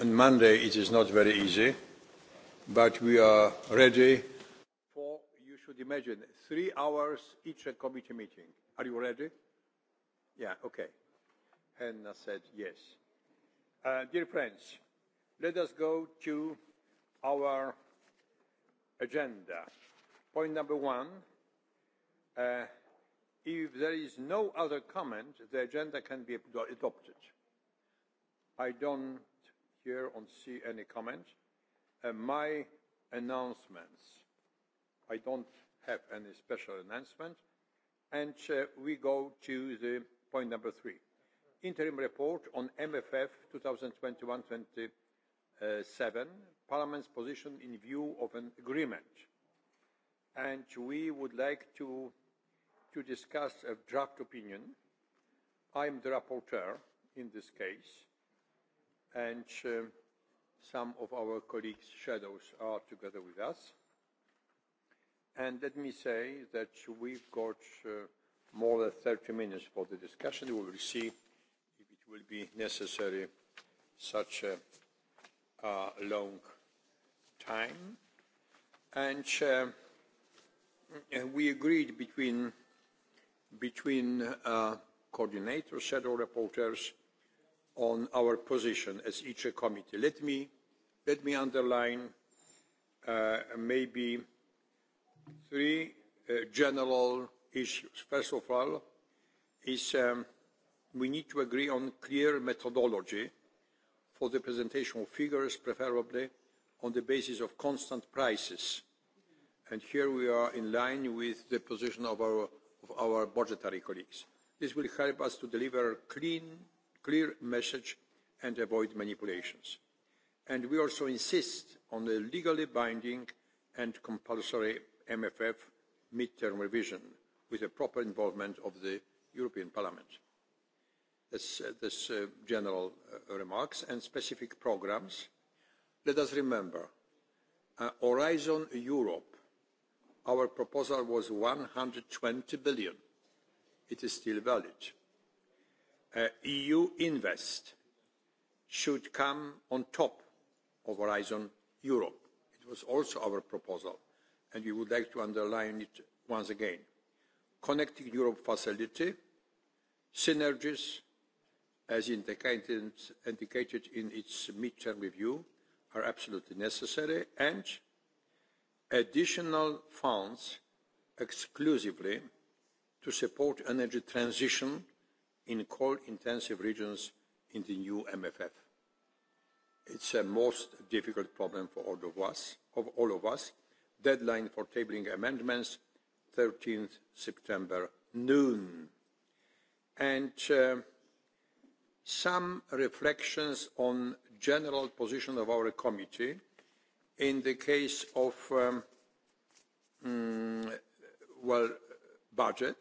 on Monday it is not very easy, but we are ready for, you should imagine, three hours each committee meeting. Are you ready? Yeah, okay. Henna said yes. Uh, dear friends, let us go to our agenda. Point number one, uh, if there is no other comment, the agenda can be adopted. I don't here on see any comment. Uh, my announcements. I don't have any special announcement. And uh, we go to the point number three. Interim report on MFF 2021-27, Parliament's position in view of an agreement. And we would like to, to discuss a draft opinion. I'm the rapporteur in this case and um, some of our colleagues' shadows are together with us. And let me say that we've got uh, more than 30 minutes for the discussion. We will see if it will be necessary such a uh, long time. And uh, we agreed between, between uh, coordinators, shadow rapporteurs, on our position as each committee. Let me, let me underline uh, maybe three uh, general issues. First of all, is um, we need to agree on clear methodology for the presentation of figures, preferably on the basis of constant prices. And here we are in line with the position of our, of our budgetary colleagues. This will help us to deliver clean clear message and avoid manipulations. And we also insist on a legally binding and compulsory MFF mid-term revision with the proper involvement of the European Parliament. Uh, this, uh, uh, general uh, remarks and specific programs. Let us remember, uh, Horizon Europe, our proposal was 120 billion. It is still valid eu invest should come on top of horizon europe. it was also our proposal and we would like to underline it once again. connecting europe facility synergies as indicated, indicated in its mid term review are absolutely necessary and additional funds exclusively to support energy transition in coal-intensive regions in the new MFF. It's a most difficult problem for all of us. Of all of us. Deadline for tabling amendments, 13th September, noon. And uh, some reflections on general position of our committee in the case of, um, um, well, budget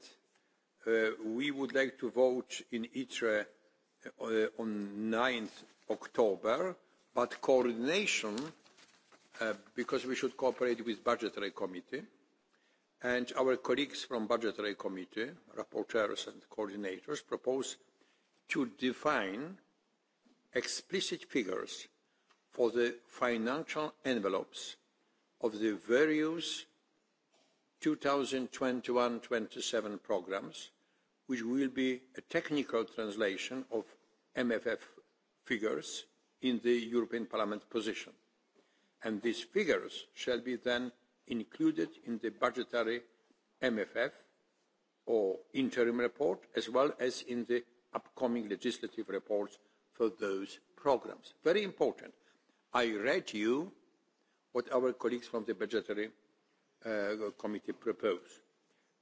Uh, we would like to vote in itre uh, on 9 october but coordination uh, because we should cooperate with budgetary committee and our colleagues from budgetary committee rapporteurs and coordinators propose to define explicit figures for the financial envelopes of the various 2021-27 programs which will be a technical translation of MFF figures in the European Parliament position. And these figures shall be then included in the budgetary MFF or interim report, as well as in the upcoming legislative reports for those programmes. Very important. I read you what our colleagues from the budgetary uh, committee propose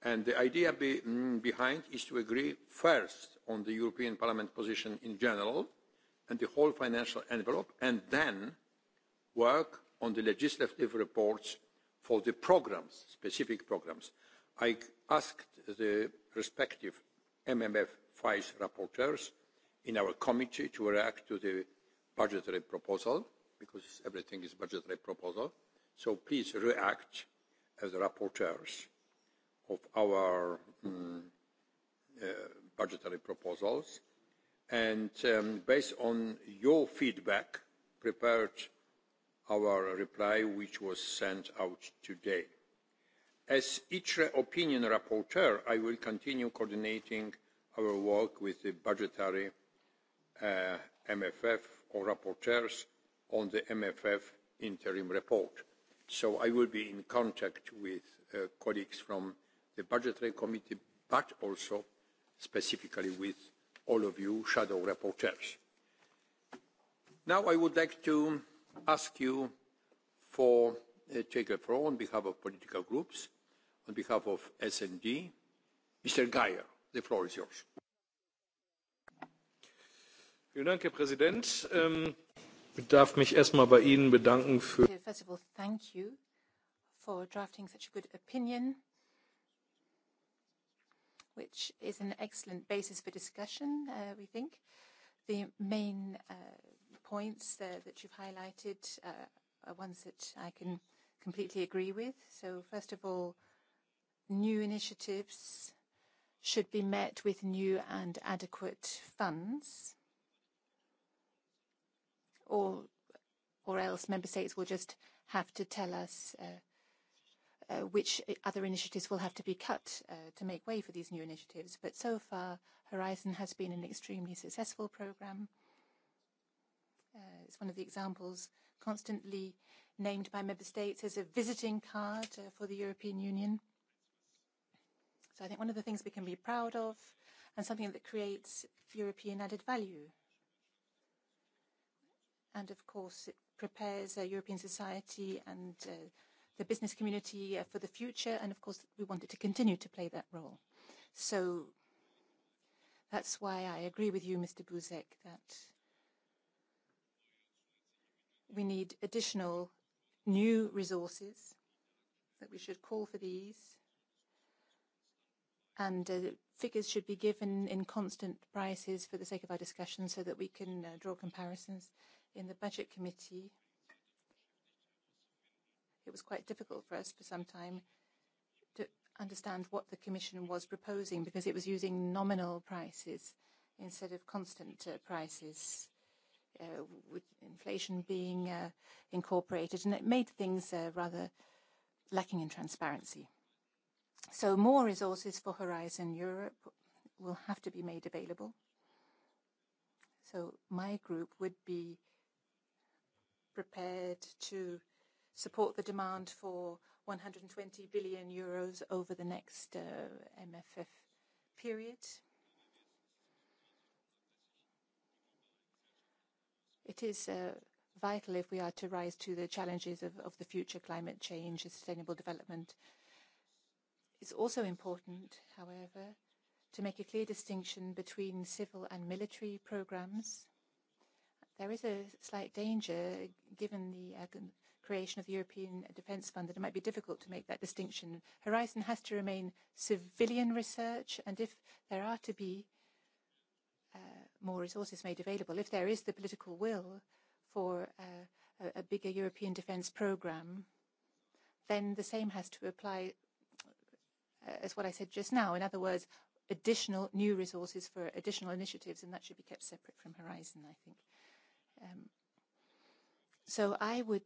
and the idea be, mm, behind is to agree first on the european parliament position in general and the whole financial envelope and then work on the legislative reports for the programmes specific programmes. i asked the respective mmf vice rapporteurs in our committee to react to the budgetary proposal because everything is a budgetary proposal so please react as the rapporteurs of our um, uh, budgetary proposals and um, based on your feedback prepared our reply which was sent out today. As each opinion rapporteur, I will continue coordinating our work with the budgetary uh, MFF or rapporteurs on the MFF interim report. So I will be in contact with uh, colleagues from the budgetary committee, but also specifically with all of you shadow rapporteurs. Now I would like to ask you for uh, take the floor on behalf of political groups, on behalf of SND. Mr. Geier, the floor is yours. Vielen Dank, Herr Präsident. Ähm, ich darf mich erstmal bei Ihnen bedanken für. First of all, thank you for drafting such a good opinion which is an excellent basis for discussion, uh, we think. The main uh, points uh, that you've highlighted uh, are ones that I can completely agree with. So first of all, new initiatives should be met with new and adequate funds, or, or else member states will just have to tell us uh, Uh, which uh, other initiatives will have to be cut uh, to make way for these new initiatives. But so far, Horizon has been an extremely successful program. It's one of the examples constantly named by member states as a visiting card for the European Union. So I think one of the things we can be proud of and something that creates European added value. And of course, it prepares uh, European society and uh, the business community uh, for the future, and of course, we wanted to continue to play that role. So that's why I agree with you, Mr. Buzek, that we need additional new resources, that we should call for these, and uh, figures should be given in constant prices for the sake of our discussion so that we can uh, draw comparisons in the budget committee it was quite difficult for us for some time to understand what the Commission was proposing because it was using nominal prices instead of constant uh, prices, uh, with inflation being uh, incorporated, and it made things uh, rather lacking in transparency. So more resources for Horizon Europe will have to be made available. So my group would be prepared to support the demand for 120 billion euros over the next uh, MFF period. It is uh, vital if we are to rise to the challenges of, of the future climate change and sustainable development. It's also important, however, to make a clear distinction between civil and military programs. There is a slight danger, given the uh, creation of the European Defence Fund that it might be difficult to make that distinction. Horizon has to remain civilian research, and if there are to be uh, more resources made available, if there is the political will for uh, a, a bigger European defence programme, then the same has to apply uh, as what I said just now. In other words, additional new resources for additional initiatives, and that should be kept separate from Horizon, I think. Um, so I would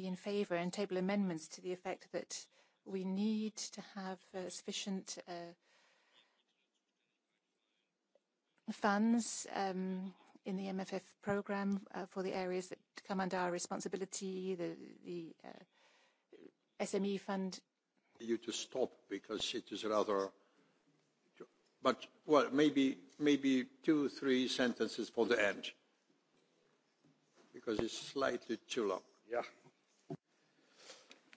be in favour and table amendments to the effect that we need to have uh, sufficient uh, funds um, in the MFF programme uh, for the areas that come under our responsibility, the, the uh, SME fund. You to stop because it is rather. But well, maybe maybe two, three sentences for the end because it's slightly too long. Yeah.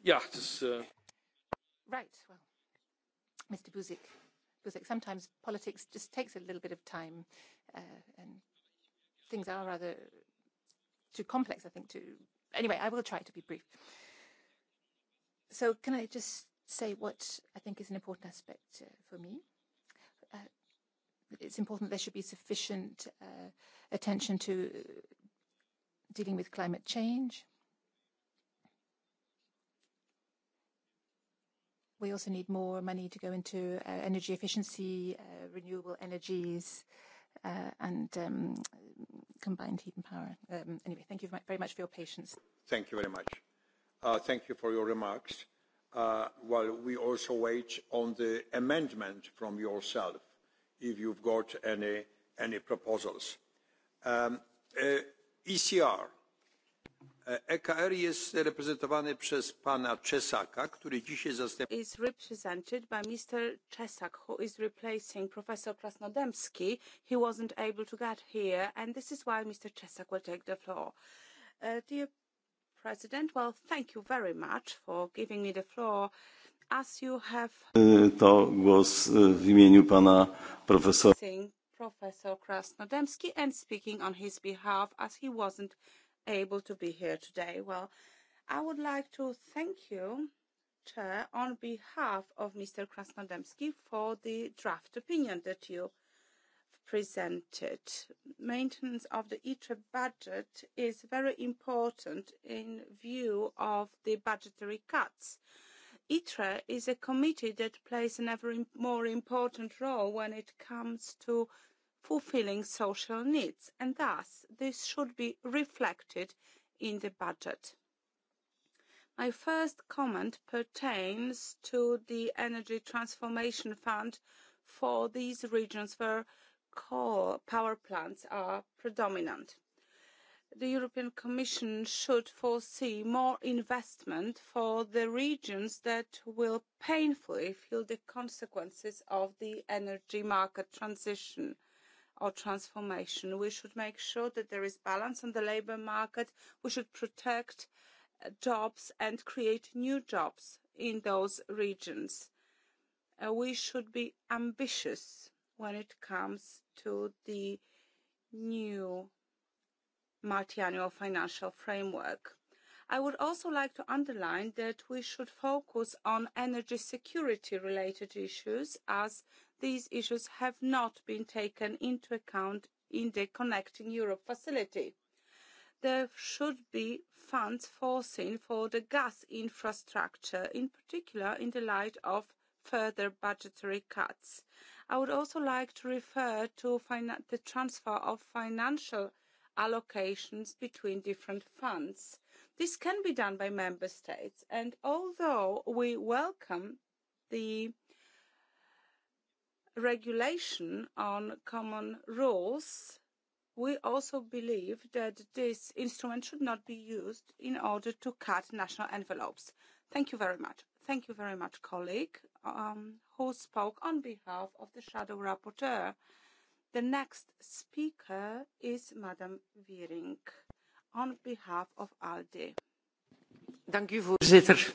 Ja, das. Äh Right. Well, Mr. Buzik, Buzik, sometimes politics just takes a little bit of time, uh, and things are rather too complex, I think. To anyway, I will try to be brief. So, can I just say what I think is an important aspect uh, for me? Uh, it's important there should be sufficient uh, attention to dealing with climate change We also need more money to go into uh, energy efficiency, uh, renewable energies, uh, and um, combined heat and power. Um, anyway, thank you very much for your patience. Thank you very much. Uh, thank you for your remarks. Uh, well, we also wait on the amendment from yourself, if you've got any, any proposals. Um, uh, ECR, EKR e jest reprezentowany przez pana cesaka który dzisiaj zastępuje. Mr. Czesak, who is replacing Professor Krasnodębski. He wasn't able to get Mr. Czesak will take the floor. Uh, dear President, well, thank you very much głos w imieniu pana profesora. and speaking on his behalf as he wasn't able to be here today. Well, I would like to thank you, Chair, on behalf of Mr. Krasnodemski for the draft opinion that you presented. Maintenance of the ITRE e budget is very important in view of the budgetary cuts. ITRE e is a committee that plays an ever more important role when it comes to fulfilling social needs, and thus this should be reflected in the budget. My first comment pertains to the Energy Transformation Fund for these regions where coal power plants are predominant. The European Commission should foresee more investment for the regions that will painfully feel the consequences of the energy market transition or transformation. We should make sure that there is balance on the labor market. We should protect uh, jobs and create new jobs in those regions. Uh, we should be ambitious when it comes to the new multiannual financial framework. I would also like to underline that we should focus on energy security related issues as these issues have not been taken into account in the Connecting Europe facility. There should be funds foreseen for the gas infrastructure, in particular in the light of further budgetary cuts. I would also like to refer to the transfer of financial allocations between different funds. This can be done by member states, and although we welcome the regulation on common rules, we also believe that this instrument should not be used in order to cut national envelopes. Thank you very much. Thank you very much, colleague, um, who spoke on behalf of the shadow rapporteur. The next speaker is Madame Wiering on behalf of ALDE. Thank you, voorzitter.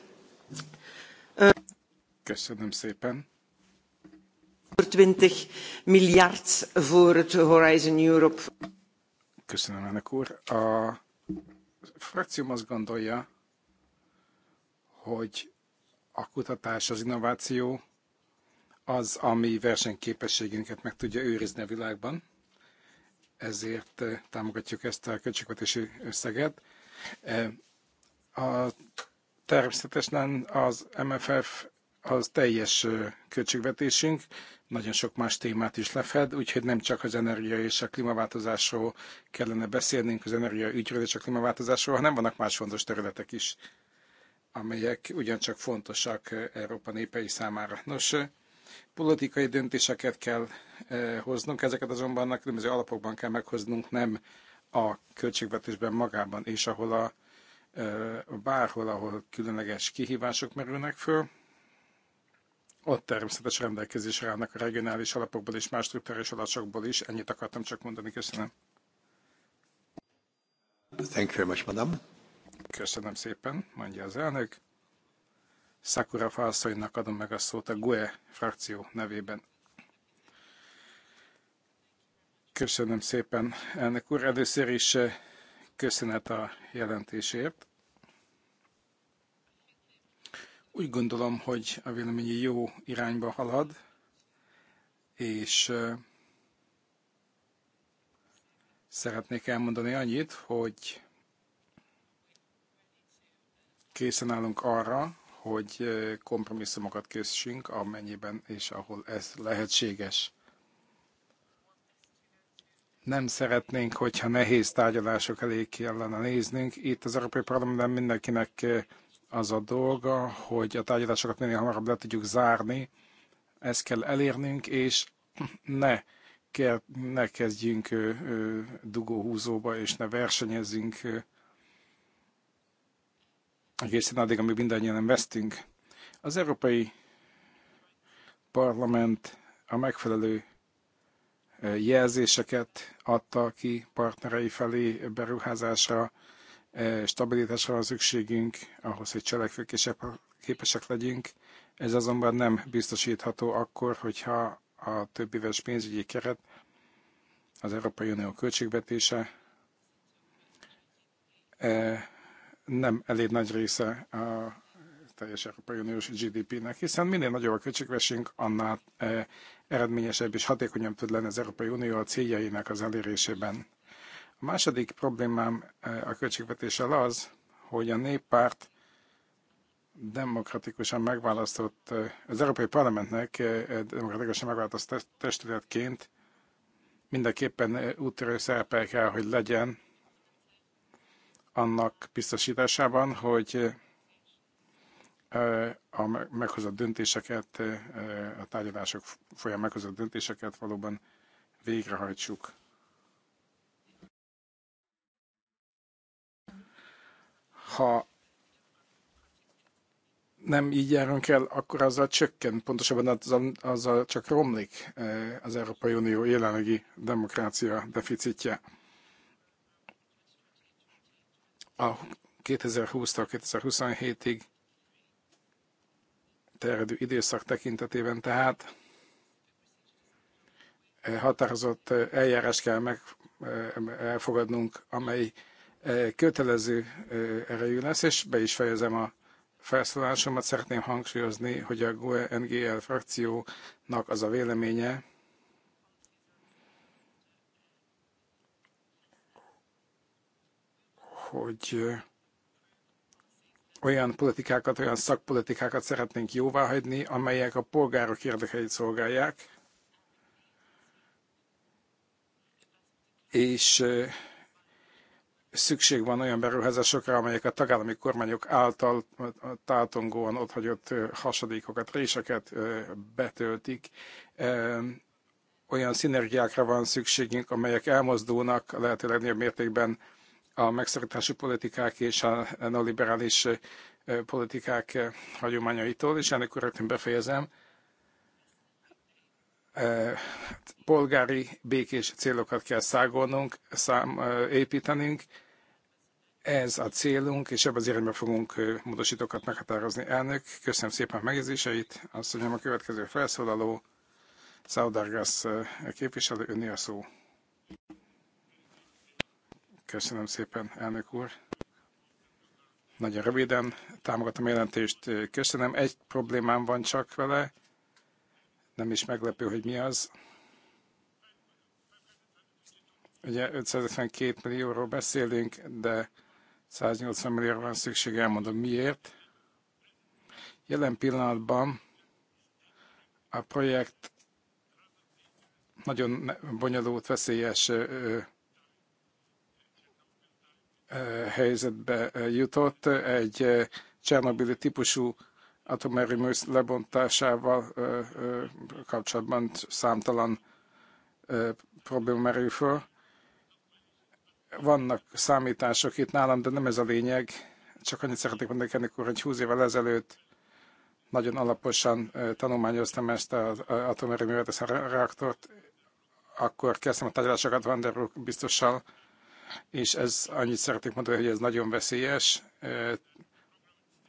Köszönöm szépen. 120 miljard voor het Horizon Europe. Köszönöm, elnök úr. A frakcióm azt gondolja, hogy a kutatás, az innováció az, ami versenyképességünket meg tudja őrizni a világban. Ezért eh, támogatjuk ezt a költségvetési összeget. Eh, a természetesen az MFF az teljes költségvetésünk nagyon sok más témát is lefed, úgyhogy nem csak az energia és a klímaváltozásról kellene beszélnünk, az energia ügyről és a klímaváltozásról, hanem vannak más fontos területek is, amelyek ugyancsak fontosak Európa népei számára. Nos, politikai döntéseket kell hoznunk, ezeket azonban a különböző alapokban kell meghoznunk, nem a költségvetésben magában, és ahol a bárhol, ahol különleges kihívások merülnek föl, ott természetes rendelkezésre állnak a regionális alapokból és más struktúrális alapokból is. Ennyit akartam csak mondani, köszönöm. Thank you very much, madam. Köszönöm szépen, mondja az elnök. Sakura Falszainak adom meg a szót a GUE frakció nevében. Köszönöm szépen, elnök úr. Először is eh, köszönet a jelentésért. Úgy gondolom, hogy a véleményi jó irányba halad, és szeretnék elmondani annyit, hogy készen állunk arra, hogy kompromisszumokat kössünk, amennyiben és ahol ez lehetséges. Nem szeretnénk, hogyha nehéz tárgyalások elé kellene néznünk. Itt az Európai Parlamentben mindenkinek az a dolga, hogy a tárgyalásokat minél hamarabb le tudjuk zárni, ezt kell elérnünk, és ne, kell, ne kezdjünk dugóhúzóba, és ne versenyezzünk egészen addig, amíg mindannyian nem vesztünk. Az Európai Parlament a megfelelő jelzéseket adta ki partnerei felé beruházásra, Eh, stabilitásra van szükségünk ahhoz, hogy cselekvőképesek legyünk. Ez azonban nem biztosítható akkor, hogyha a több éves pénzügyi keret, az Európai Unió költségvetése eh, nem elég nagy része a teljes Európai Uniós GDP-nek, hiszen minél nagyobb a költségvesünk, annál eh, eredményesebb és hatékonyabb tud lenni az Európai Unió a céljainak az elérésében. A második problémám e, a költségvetéssel az, hogy a néppárt demokratikusan megválasztott, e, az Európai Parlamentnek e, demokratikusan megválasztott testületként mindenképpen úttörő szerepel kell, hogy legyen annak biztosításában, hogy a meghozott döntéseket, a tárgyalások folyamán meghozott döntéseket valóban végrehajtsuk. Ha nem így járunk el, akkor azzal csökken, pontosabban azzal, azzal csak romlik eh, az Európai Unió jelenlegi demokrácia deficitje. A 2020-tól 2027-ig terjedő időszak tekintetében tehát eh, határozott eh, eljárás kell meg, elfogadnunk, amely kötelező erejű lesz, és be is fejezem a felszólásomat. Szeretném hangsúlyozni, hogy a GUE-NGL frakciónak az a véleménye, hogy olyan politikákat, olyan szakpolitikákat szeretnénk jóváhagyni, amelyek a polgárok érdekeit szolgálják, és szükség van olyan beruházásokra, amelyek a tagállami kormányok által tátongóan otthagyott hasadékokat, réseket betöltik. Olyan szinergiákra van szükségünk, amelyek elmozdulnak a lehető legnagyobb mértékben a megszorítási politikák és a neoliberális politikák hagyományaitól, és ennek rögtön befejezem. Hát polgári békés célokat kell szágolnunk, szám, építenünk. Ez a célunk, és ebben az irányban fogunk módosítókat meghatározni. Elnök, köszönöm szépen a megjegyzéseit. Azt mondjam, a következő felszólaló, Szaudargas képviselő, önni a szó. Köszönöm szépen, elnök úr. Nagyon röviden támogatom a jelentést, köszönöm. Egy problémám van csak vele, nem is meglepő, hogy mi az. Ugye 552 millióról beszélünk, de 180 millióra van szükség, elmondom miért. Jelen pillanatban a projekt nagyon bonyolult, veszélyes helyzetbe jutott. Egy Csernobili típusú atomerőműsz lebontásával kapcsolatban számtalan probléma merül föl. Vannak számítások itt nálam, de nem ez a lényeg. Csak annyit szeretnék mondani, ennek úr, hogy 20 évvel ezelőtt nagyon alaposan tanulmányoztam ezt az atomerőművet, ezt a reaktort. Akkor kezdtem a tárgyalásokat Vanderburg biztossal, és ez annyit szeretnék mondani, hogy ez nagyon veszélyes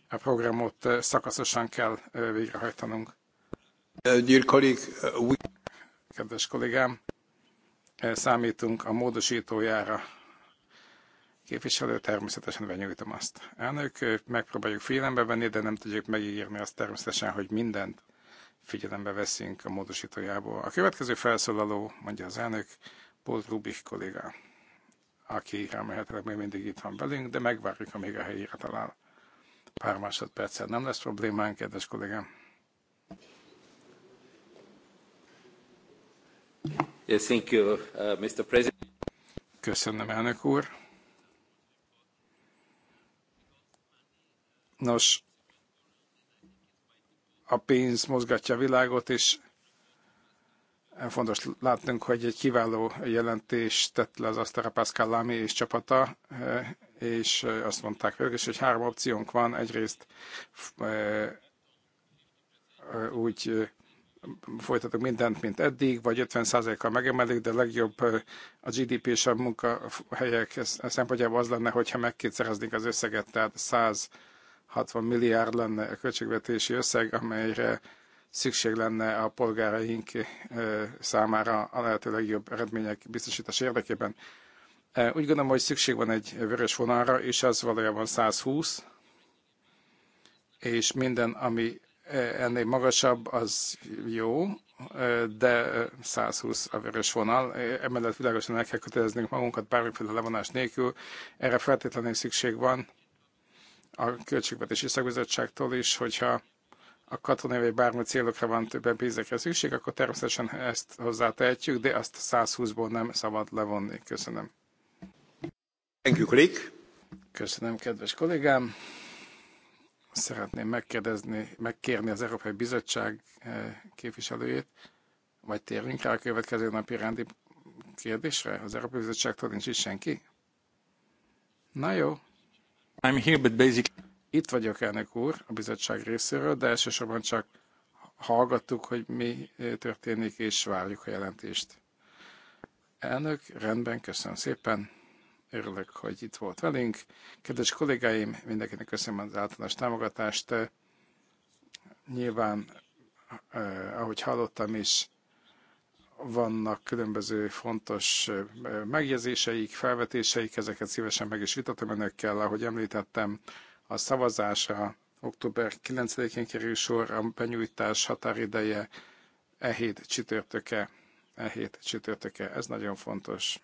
a programot szakaszosan kell végrehajtanunk. Dear colleague, we... Kedves kollégám, számítunk a módosítójára. Képviselő, természetesen benyújtom azt. Elnök, megpróbáljuk figyelembe venni, de nem tudjuk megígérni azt természetesen, hogy mindent figyelembe veszünk a módosítójából. A következő felszólaló, mondja az elnök, Paul Rubik kolléga, aki remélhetőleg még mindig itt van velünk, de megvárjuk, amíg a helyére talál. Pár másodperccel nem lesz problémánk, kedves kollégám. Yes, thank you, uh, Mr. President. Köszönöm, elnök úr. Nos, a pénz mozgatja a világot, és fontos látnunk, hogy egy kiváló jelentést tett le az asztalra Pascal Lamy és csapata eh, és azt mondták velük, és hogy három opciónk van, egyrészt úgy folytatok mindent, mint eddig, vagy 50%-kal megemelik, de legjobb a GDP és a munkahelyek e szempontjából az lenne, hogyha megkétszereznénk az összeget, tehát 160 milliárd lenne a költségvetési összeg, amelyre szükség lenne a polgáraink számára a lehető legjobb eredmények biztosítás érdekében. Úgy gondolom, hogy szükség van egy vörös vonalra, és az valójában 120, és minden, ami ennél magasabb, az jó, de 120 a vörös vonal. Emellett világosan el kell köteleznünk magunkat bármiféle levonás nélkül. Erre feltétlenül szükség van a Költségvetési Szakbizottságtól is, hogyha a katonai vagy bármi célokra van többen pénzekre szükség, akkor természetesen ezt hozzátehetjük, de azt 120-ból nem szabad levonni. Köszönöm. Köszönöm, kedves kollégám. Szeretném megkérdezni, megkérni az Európai Bizottság eh, képviselőjét, vagy térjünk rá a következő napi rendi kérdésre? Az Európai Bizottságtól nincs itt senki? Na jó. I'm here, but basically... Itt vagyok, elnök úr, a bizottság részéről, de elsősorban csak hallgattuk, hogy mi eh, történik, és várjuk a jelentést. Elnök, rendben, köszönöm szépen. Örülök, hogy itt volt velünk. Kedves kollégáim, mindenkinek köszönöm az általános támogatást. Nyilván, eh, ahogy hallottam is, vannak különböző fontos eh, megjegyzéseik, felvetéseik, ezeket szívesen meg is vitatom önökkel. Ahogy említettem, a szavazása október 9-én kerül sor, a benyújtás határideje e hét csütörtöke, e hét csütörtöke. Ez nagyon fontos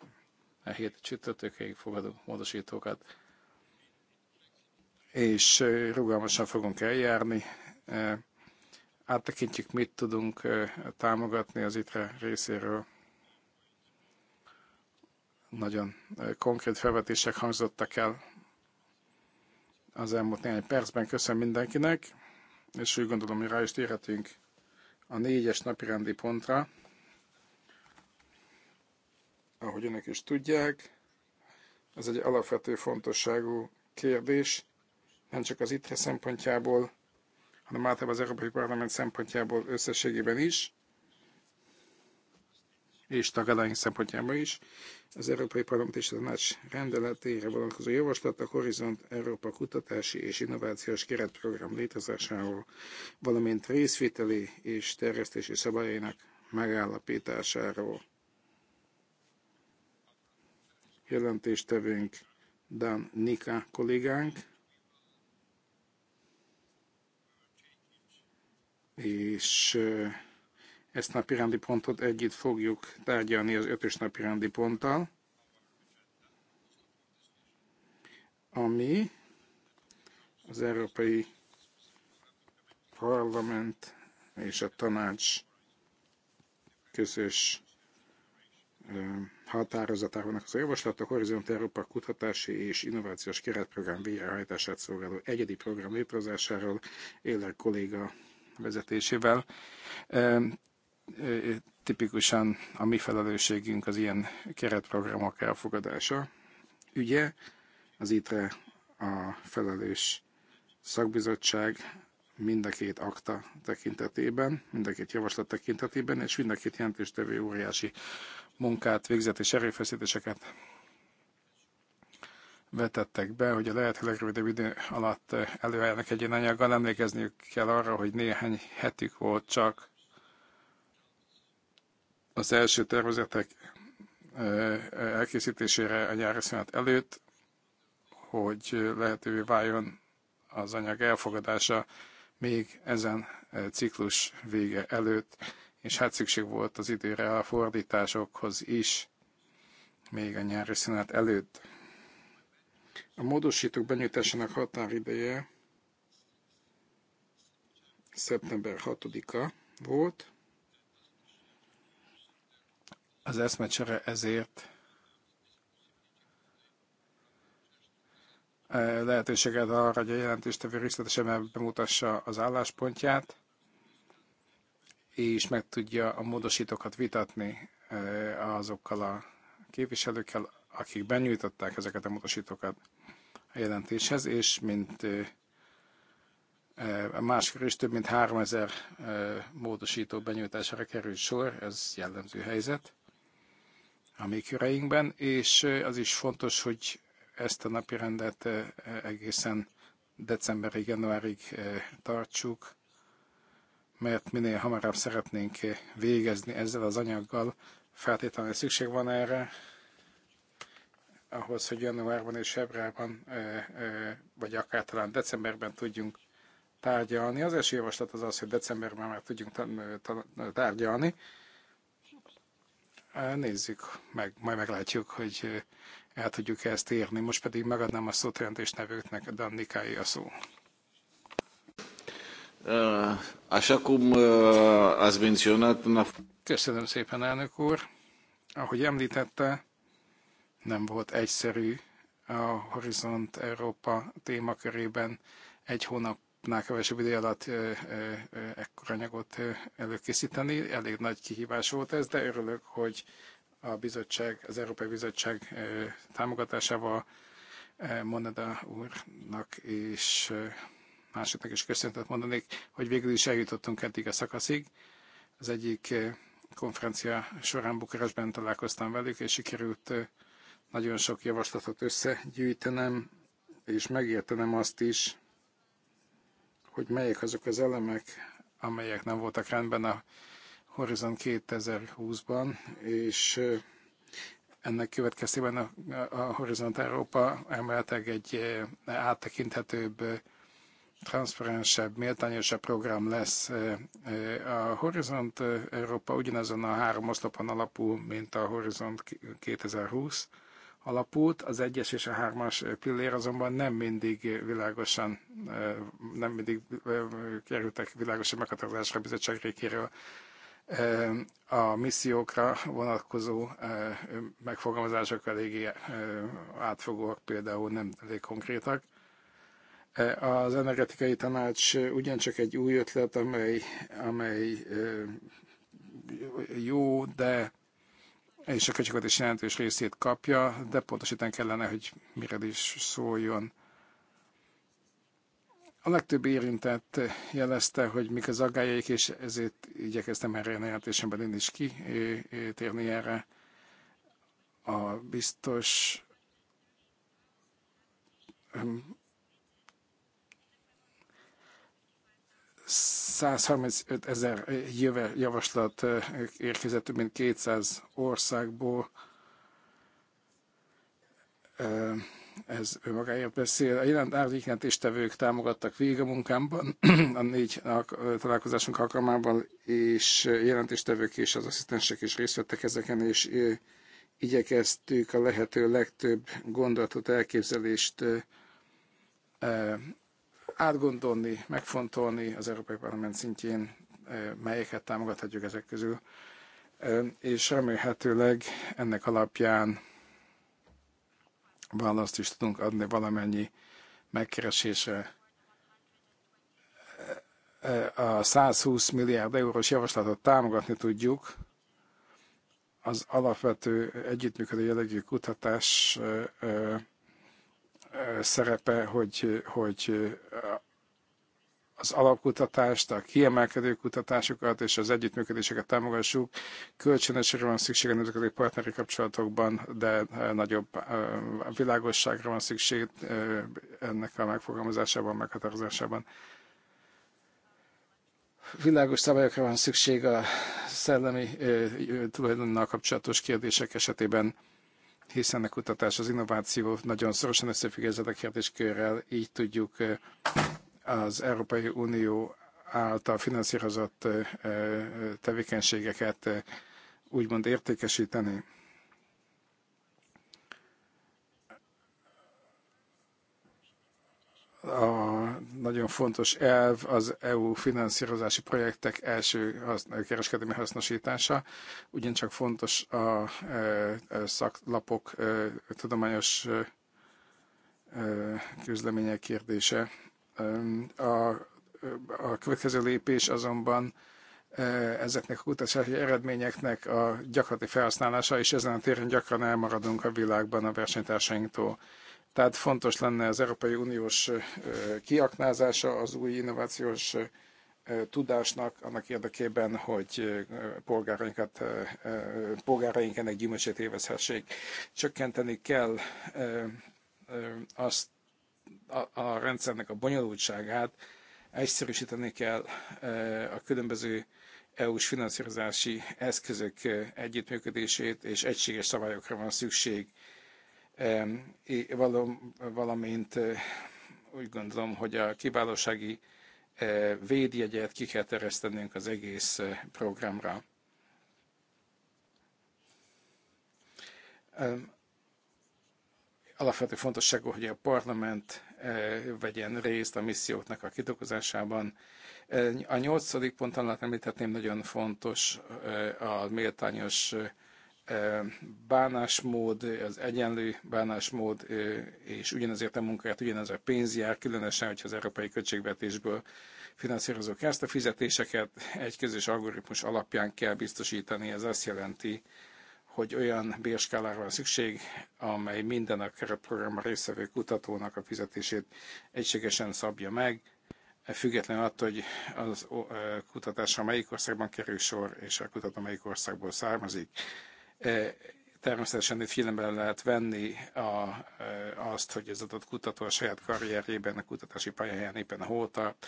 a e hét csütörtökéig fogadó módosítókat, és rugalmasan fogunk eljárni. Áttekintjük, mit tudunk támogatni az ITRE részéről. Nagyon konkrét felvetések hangzottak el az elmúlt néhány percben. Köszönöm mindenkinek, és úgy gondolom, hogy rá is térhetünk a négyes napi rendi pontra ahogy önök is tudják. Ez egy alapvető fontosságú kérdés, nem csak az ITRE szempontjából, hanem általában az Európai Parlament szempontjából összességében is, és tagadáink szempontjából is. Az Európai Parlament és a Tanács rendeletére vonatkozó javaslat a Horizont Európa Kutatási és Innovációs Keretprogram létrehozásáról, valamint részvételi és terjesztési szabályainak megállapításáról jelentéstevőnk Dan Nika kollégánk, és ezt napirendi pontot együtt fogjuk tárgyalni az ötös napirendi ponttal, ami az Európai Parlament és a Tanács közös határozatának az a javaslat a Horizont Európa kutatási és innovációs keretprogram végrehajtását szolgáló egyedi program létrehozásáról Éler kolléga vezetésével. Tipikusan a mi felelősségünk az ilyen keretprogramok elfogadása. Ügye, az ITRE a felelős szakbizottság, mind a két akta tekintetében, mind a két javaslat tekintetében, és mind a két jelentéstevő óriási munkát végzett és erőfeszítéseket vetettek be, hogy a lehető legrövidebb idő alatt előállnak egy ilyen anyaggal. Emlékezniük kell arra, hogy néhány hetük volt csak az első tervezetek elkészítésére a nyári szünet előtt, hogy lehetővé váljon az anyag elfogadása még ezen e, ciklus vége előtt, és hát szükség volt az időre a fordításokhoz is, még a nyári szünet előtt. A módosítók benyújtásának határideje szeptember 6-a volt. Az eszmecsere ezért E, lehetőséget arra, hogy a jelentéstevő részletesen bemutassa az álláspontját, és meg tudja a módosítókat vitatni e, azokkal a képviselőkkel, akik benyújtották ezeket a módosítókat a jelentéshez, és mint e, másik is több mint 3000 módosító benyújtására került sor, ez jellemző helyzet a mi köreinkben, és az is fontos, hogy ezt a napi rendet e, e, egészen decemberig, januárig e, tartsuk, mert minél hamarabb szeretnénk végezni ezzel az anyaggal. Feltétlenül szükség van erre, ahhoz, hogy januárban és februárban, vagy akár talán decemberben tudjunk tárgyalni. Az első javaslat az az, hogy decemberben már tudjunk tárgyalni, Nézzük meg, majd meglátjuk, hogy el tudjuk -e ezt érni. Most pedig megadnám a szót nevőknek, de a szó. Köszönöm szépen, elnök úr. Ahogy említette, nem volt egyszerű a Horizont Európa témakörében egy hónap tudnál kevesebb idő alatt ekkor anyagot előkészíteni. Elég nagy kihívás volt ez, de örülök, hogy a bizottság, az Európai Bizottság támogatásával Moneda úrnak és másoknak is köszöntet mondanék, hogy végül is eljutottunk eddig a szakaszig. Az egyik konferencia során Bukarestben találkoztam velük, és sikerült nagyon sok javaslatot összegyűjtenem, és megértenem azt is, hogy melyek azok az elemek, amelyek nem voltak rendben a Horizon 2020-ban, és ennek következtében a, Horizon Horizont Európa emeltek egy áttekinthetőbb, transzparensebb, méltányosabb program lesz. A Horizont Európa ugyanazon a három oszlopon alapú, mint a Horizont 2020, alapút, az egyes és a hármas pillér azonban nem mindig világosan, nem mindig kerültek világosan meghatározásra a bizottság rékéről a missziókra vonatkozó megfogalmazások eléggé átfogóak, például nem elég konkrétak. Az energetikai tanács ugyancsak egy új ötlet, amely, amely jó, de és a költségvetés jelentős részét kapja, de pontosítan kellene, hogy mire is szóljon. A legtöbb érintett jelezte, hogy mik az aggájaik, és ezért igyekeztem erre a jelentésemben én is kitérni erre. A biztos 135 ezer javaslat érkezett több mint 200 országból. Ez önmagáért beszél. A jelent árnyékjelentéstevők támogattak végig a munkámban, a négy találkozásunk alkalmában, és jelentéstevők és az asszisztensek is részt vettek ezeken, és igyekeztük a lehető legtöbb gondolatot, elképzelést átgondolni, megfontolni az Európai Parlament szintjén, eh, melyeket támogathatjuk ezek közül, eh, és remélhetőleg ennek alapján választ is tudunk adni valamennyi megkeresésre. Eh, a 120 milliárd eurós javaslatot támogatni tudjuk, az alapvető együttműködő jellegű kutatás szerepe, hogy, hogy az alapkutatást, a kiemelkedő kutatásokat és az együttműködéseket támogassuk. Kölcsönösségre van szükség a nemzetközi partneri kapcsolatokban, de nagyobb világosságra van szükség ennek a megfogalmazásában, meghatározásában. Világos szabályokra van szükség a szellemi tulajdonnal kapcsolatos kérdések esetében hiszen a kutatás, az innováció nagyon szorosan összefügg ezzel a kérdéskörrel, így tudjuk az Európai Unió által finanszírozott tevékenységeket úgymond értékesíteni. a nagyon fontos elv az EU finanszírozási projektek első haszn- kereskedelmi hasznosítása, ugyancsak fontos a e, e, szaklapok e, tudományos közlemények kérdése. A, a következő lépés azonban ezeknek a kutatási eredményeknek a gyakorlati felhasználása, és ezen a téren gyakran elmaradunk a világban a versenytársainktól. Tehát fontos lenne az Európai Uniós kiaknázása az új innovációs tudásnak annak érdekében, hogy polgárainkat, polgáraink ennek gyümölcsét évezhessék. Csökkenteni kell azt a, a rendszernek a bonyolultságát, egyszerűsíteni kell a különböző EU-s finanszírozási eszközök együttműködését, és egységes szabályokra van szükség valamint eh, úgy gondolom, hogy a kiválósági eh, védjegyet ki kell terjesztenünk az egész eh, programra. Alapvető fontosságú, hogy a parlament vegyen részt a misszióknak a kidolgozásában. A nyolcadik pont alatt említhetném, nagyon fontos a méltányos bánásmód, az egyenlő bánásmód, és ugyanezért a munkáját, ugyanez a pénz jár, különösen, hogyha az európai költségvetésből finanszírozók ezt a fizetéseket egy közös algoritmus alapján kell biztosítani. Ez azt jelenti, hogy olyan bérskálára van szükség, amely minden a keretprogramra részvevő kutatónak a fizetését egységesen szabja meg, független attól, hogy az kutatásra melyik országban kerül sor, és a kutató melyik országból származik Természetesen itt figyelembe lehet venni a, azt, hogy az adott kutató a saját karrierjében, a kutatási pályáján éppen hol tart.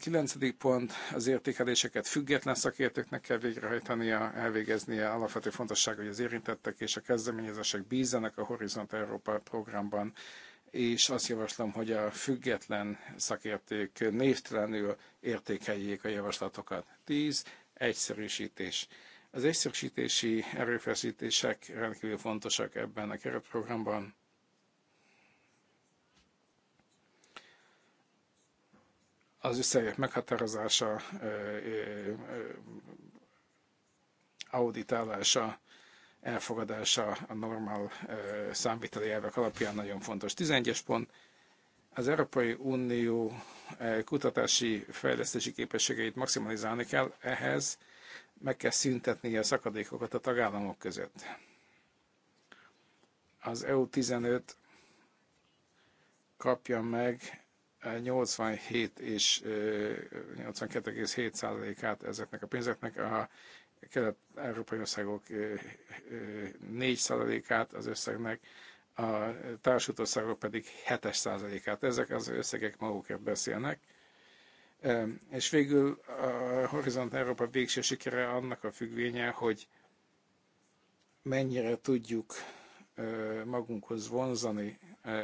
Kilencedik pont, az értékeléseket független szakértőknek kell végrehajtania, elvégeznie. Alapvető fontosság, hogy az érintettek és a kezdeményezések bízzanak a Horizont Európa programban, és azt javaslom, hogy a független szakértők névtelenül értékeljék a javaslatokat. 10. Egyszerűsítés az egyszerűsítési erőfeszítések rendkívül fontosak ebben a keretprogramban. Az összegek meghatározása, auditálása, elfogadása a normál számviteli elvek alapján nagyon fontos. 11-es pont, az Európai Unió kutatási fejlesztési képességeit maximalizálni kell ehhez, meg kell szüntetni a szakadékokat a tagállamok között. Az EU15 kapja meg 87 és 82,7%-át ezeknek a pénzeknek, a kelet-európai országok 4%-át az összegnek, a társult országok pedig 7%-át. Ezek az összegek magukért beszélnek. És végül a Horizont Európa végső sikere annak a függvénye, hogy mennyire tudjuk magunkhoz vonzani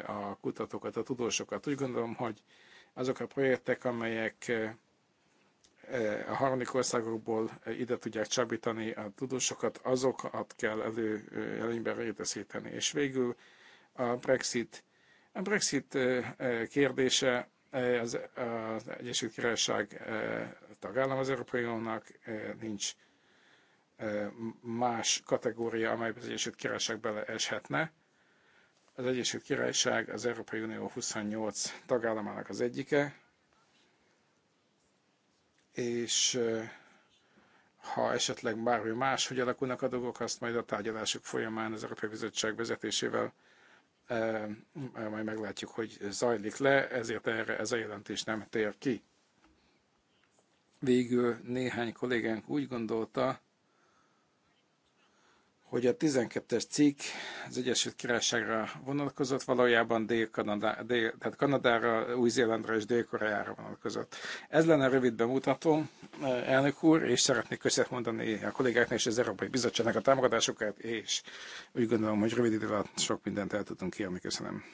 a kutatókat, a tudósokat. Úgy gondolom, hogy azok a projektek, amelyek a harmadik országokból ide tudják csábítani a tudósokat, azokat kell elő, előnybe réteszíteni. És végül a Brexit. A Brexit kérdése az, az Egyesült Királyság e, tagállam az Európai Uniónak, e, nincs e, más kategória, amelybe az Egyesült Királyság beleeshetne. Az Egyesült Királyság az Európai Unió 28 tagállamának az egyike, és ha esetleg bármi más, hogy alakulnak a dolgok, azt majd a tárgyalások folyamán az Európai Bizottság vezetésével majd meglátjuk, hogy zajlik le, ezért erre ez a jelentés nem tér ki. Végül néhány kollégánk úgy gondolta, hogy a 12-es cikk az Egyesült Királyságra vonatkozott, valójában Dél-Kanadá, Dél, tehát Kanadára, Új-Zélandra és Dél-Koreára vonatkozott. Ez lenne rövid bemutató, elnök úr, és szeretnék köszönet mondani a kollégáknak és az Európai Bizottságnak a támogatásukat, és úgy gondolom, hogy rövid idő alatt sok mindent el tudunk kérni. Köszönöm.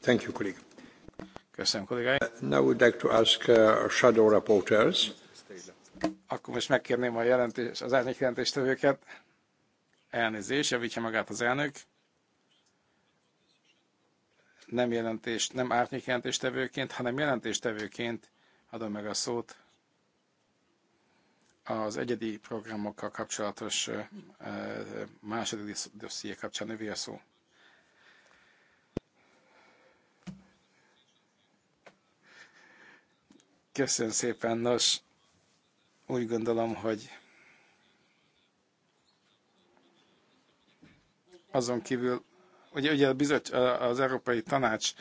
Thank you, colleague. Köszönöm, kollégáim. Now would like to ask uh, shadow reporters. Akkor most megkérném a jelentés, az árnyék jelentéstevőket Elnézés, javítja magát az elnök. Nem jelentést, nem árnyék jelentéstevőként, hanem jelentéstevőként adom meg a szót az egyedi programokkal kapcsolatos második dosszié kapcsán övé a szó. Köszönöm szépen, nos, úgy gondolom, hogy Azon kívül, ugye, ugye a bizot, az Európai Tanács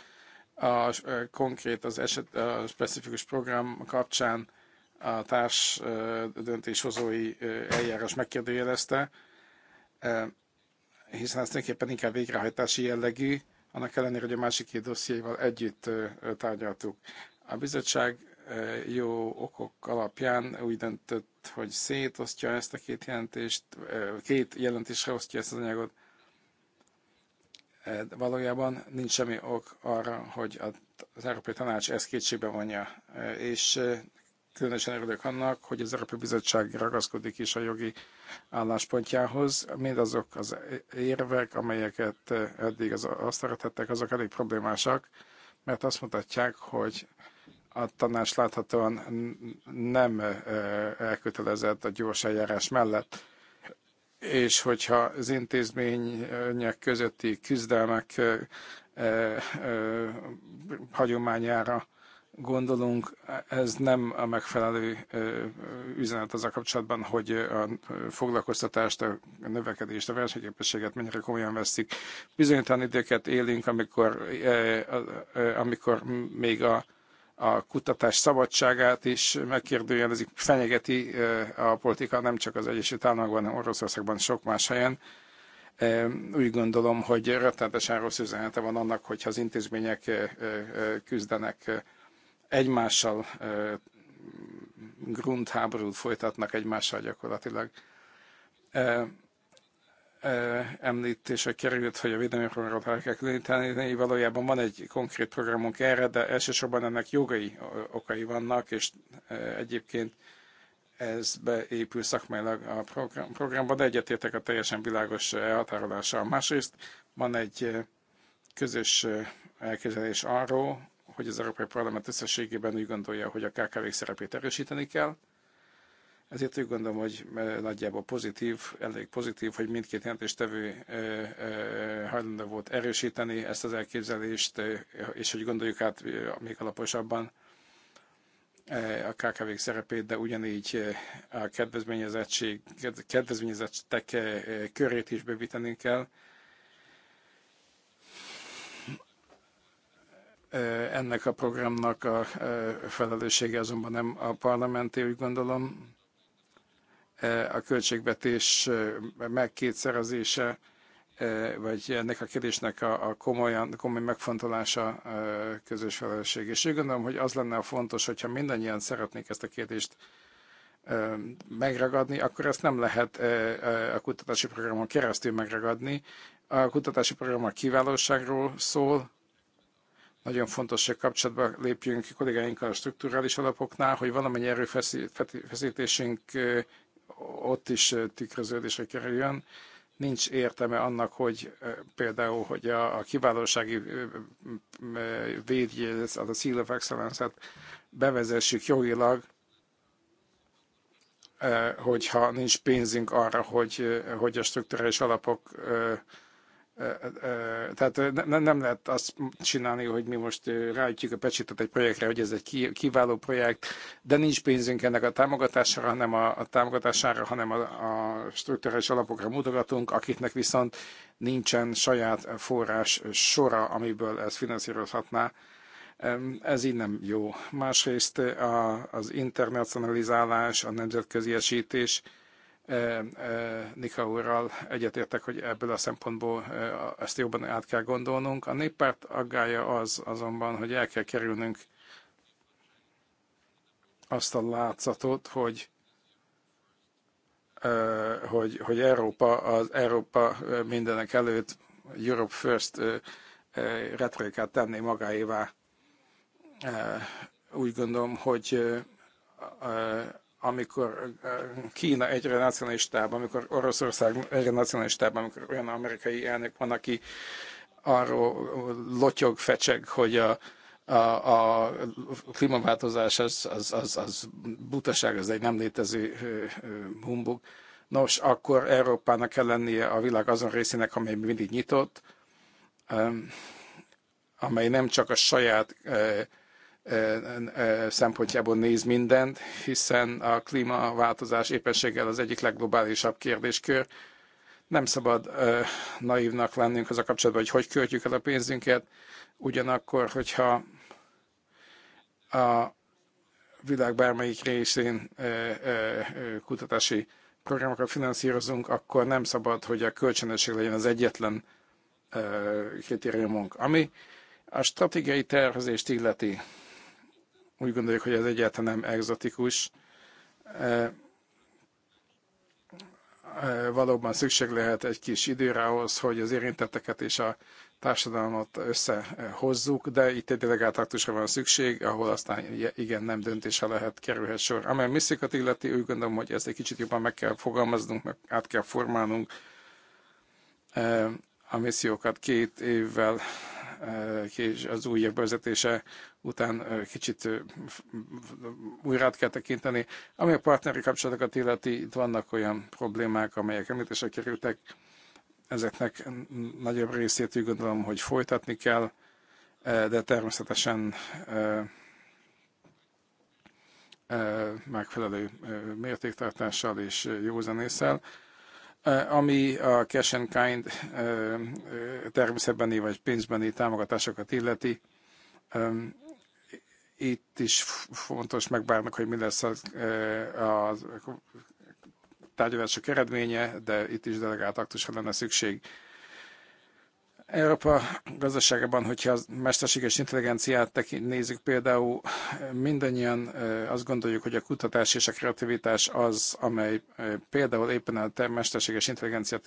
a, konkrét, az eset, a specifikus program kapcsán a társ döntéshozói eljárás megkérdőjelezte, hiszen ez tulajdonképpen inkább végrehajtási jellegű, annak ellenére, hogy a másik két dossziéval együtt tárgyaltuk. A bizottság jó okok alapján úgy döntött, hogy szétosztja ezt a két jelentést, két jelentésre osztja ezt az anyagot, Eh, valójában nincs semmi ok arra, hogy az Európai Tanács ezt kétségbe vonja, eh, és eh, különösen örülök annak, hogy az Európai Bizottság ragaszkodik is a jogi álláspontjához. Mindazok az érvek, amelyeket eddig az asztalra tettek, azok elég problémásak, mert azt mutatják, hogy a tanács láthatóan nem elkötelezett a gyors eljárás mellett és hogyha az intézmények közötti küzdelmek hagyományára gondolunk, ez nem a megfelelő üzenet az a kapcsolatban, hogy a foglalkoztatást, a növekedést, a versenyképességet mennyire komolyan veszik. Bizonytalan időket élünk, amikor, amikor még a a kutatás szabadságát is megkérdőjelezik, fenyegeti eh, a politika nem csak az Egyesült Államokban, hanem Oroszországban, sok más helyen. Eh, úgy gondolom, hogy rettenetesen rossz üzenete van annak, hogyha az intézmények eh, küzdenek egymással, grundháborút folytatnak egymással gyakorlatilag említése került, hogy a védelmi programot el kell különíteni. Valójában van egy konkrét programunk erre, de elsősorban ennek jogai okai vannak, és egyébként ez beépül szakmailag a program, programba, de egyetértek a teljesen világos elhatárolással. Másrészt van egy közös elképzelés arról, hogy az Európai Parlament összességében úgy gondolja, hogy a KKV szerepét erősíteni kell, ezért úgy gondolom, hogy eh, nagyjából pozitív, elég pozitív, hogy mindkét jelentéstevő eh, eh, hajlandó volt erősíteni ezt az elképzelést, és hogy gondoljuk át még alaposabban a kkv szerepét, de ugyanígy a kedvezményezettség, kedvezményezettek körét is bővíteni kell. Ennek a programnak a felelőssége azonban nem a parlamenti, úgy gondolom. E, a költségvetés e, megkétszerezése, e, vagy ennek a kérdésnek a, a komolyan, komoly megfontolása közös felelősség. És úgy gondolom, hogy az lenne a fontos, hogyha mindannyian szeretnék ezt a kérdést megragadni, akkor ezt nem lehet a kutatási programon keresztül megragadni. A kutatási program a kiválóságról szól, nagyon fontos, hogy kapcsolatba lépjünk kollégáinkkal a strukturális alapoknál, hogy valamennyi erőfeszítésünk ott is tükröződésre kerüljön. Nincs értelme annak, hogy például, hogy a, a kiválósági az a Seal of Excellence-et bevezessük jogilag, hogyha nincs pénzünk arra, hogy, hogy a struktúrális alapok tehát ne, nem lehet azt csinálni, hogy mi most ráütjük a pecsétet egy projektre, hogy ez egy kiváló projekt, de nincs pénzünk ennek a támogatására, hanem a, a támogatására, hanem a, a strukturális alapokra mutogatunk, akiknek viszont nincsen saját forrás sora, amiből ez finanszírozhatná. Ez így nem jó. Másrészt a, az internacionalizálás, a nemzetközi esítés, Nika úrral egyetértek, hogy ebből a szempontból ezt jobban át kell gondolnunk. A néppárt aggája az azonban, hogy el kell kerülnünk azt a látszatot, hogy hogy, hogy Európa, az Európa mindenek előtt Europe First retorikát tenné magáévá. Úgy gondolom, hogy amikor Kína egyre nacionalistább, amikor Oroszország egyre nacionalistább, amikor olyan amerikai elnök van, aki arról lotyog, fecseg, hogy a, a, a klímaváltozás az, az, az, az butaság, az egy nem létező humbug. Nos, akkor Európának kell lennie a világ azon részének, amely mindig nyitott, amely nem csak a saját szempontjából néz mindent, hiszen a klímaváltozás éppenséggel az egyik legglobálisabb kérdéskör. Nem szabad naívnak lennünk az a kapcsolatban, hogy hogy költjük el a pénzünket, ugyanakkor, hogyha a világ bármelyik részén kutatási programokat finanszírozunk, akkor nem szabad, hogy a kölcsönösség legyen az egyetlen kritériumunk. Ami a stratégiai tervezést illeti, úgy gondoljuk, hogy ez egyáltalán nem egzotikus. E, e, valóban szükség lehet egy kis időre ahhoz, hogy az érintetteket és a társadalmat összehozzuk, de itt egy delegáltaktusra van szükség, ahol aztán igen, nem döntése lehet, kerülhet sor. Amely misszikat illeti, úgy gondolom, hogy ezt egy kicsit jobban meg kell fogalmaznunk, meg át kell formálnunk e, a missziókat két évvel az új bevezetése után kicsit újra kell tekinteni. Ami a partneri kapcsolatokat illeti, itt vannak olyan problémák, amelyek említésre kerültek. Ezeknek nagyobb részét úgy gondolom, hogy folytatni kell, de természetesen megfelelő mértéktartással és józanésszel ami a cash and kind természetbeni vagy pénzbeni támogatásokat illeti. Itt is fontos megbárnak, hogy mi lesz a, a tárgyalások eredménye, de itt is delegált aktusra lenne szükség. Európa gazdaságában, hogyha a mesterséges intelligenciát tekint, nézzük például, mindannyian azt gondoljuk, hogy a kutatás és a kreativitás az, amely például éppen a mesterséges intelligencia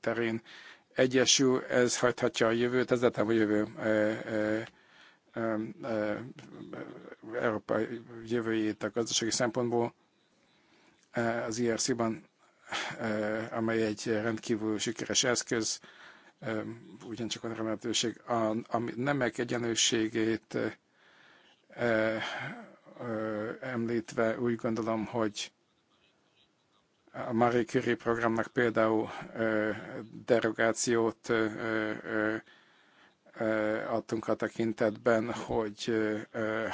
terén egyesül, ez hagyhatja a jövőt, ez lehet a jövő E, e, Európa jövőjét a gazdasági szempontból e, az IRC-ban, amely egy rendkívül sikeres eszköz, ugyancsak a lehetőség a, a nemek egyenlőségét említve úgy gondolom, hogy a Marie Curie programnak például derogációt adtunk a tekintetben, hogy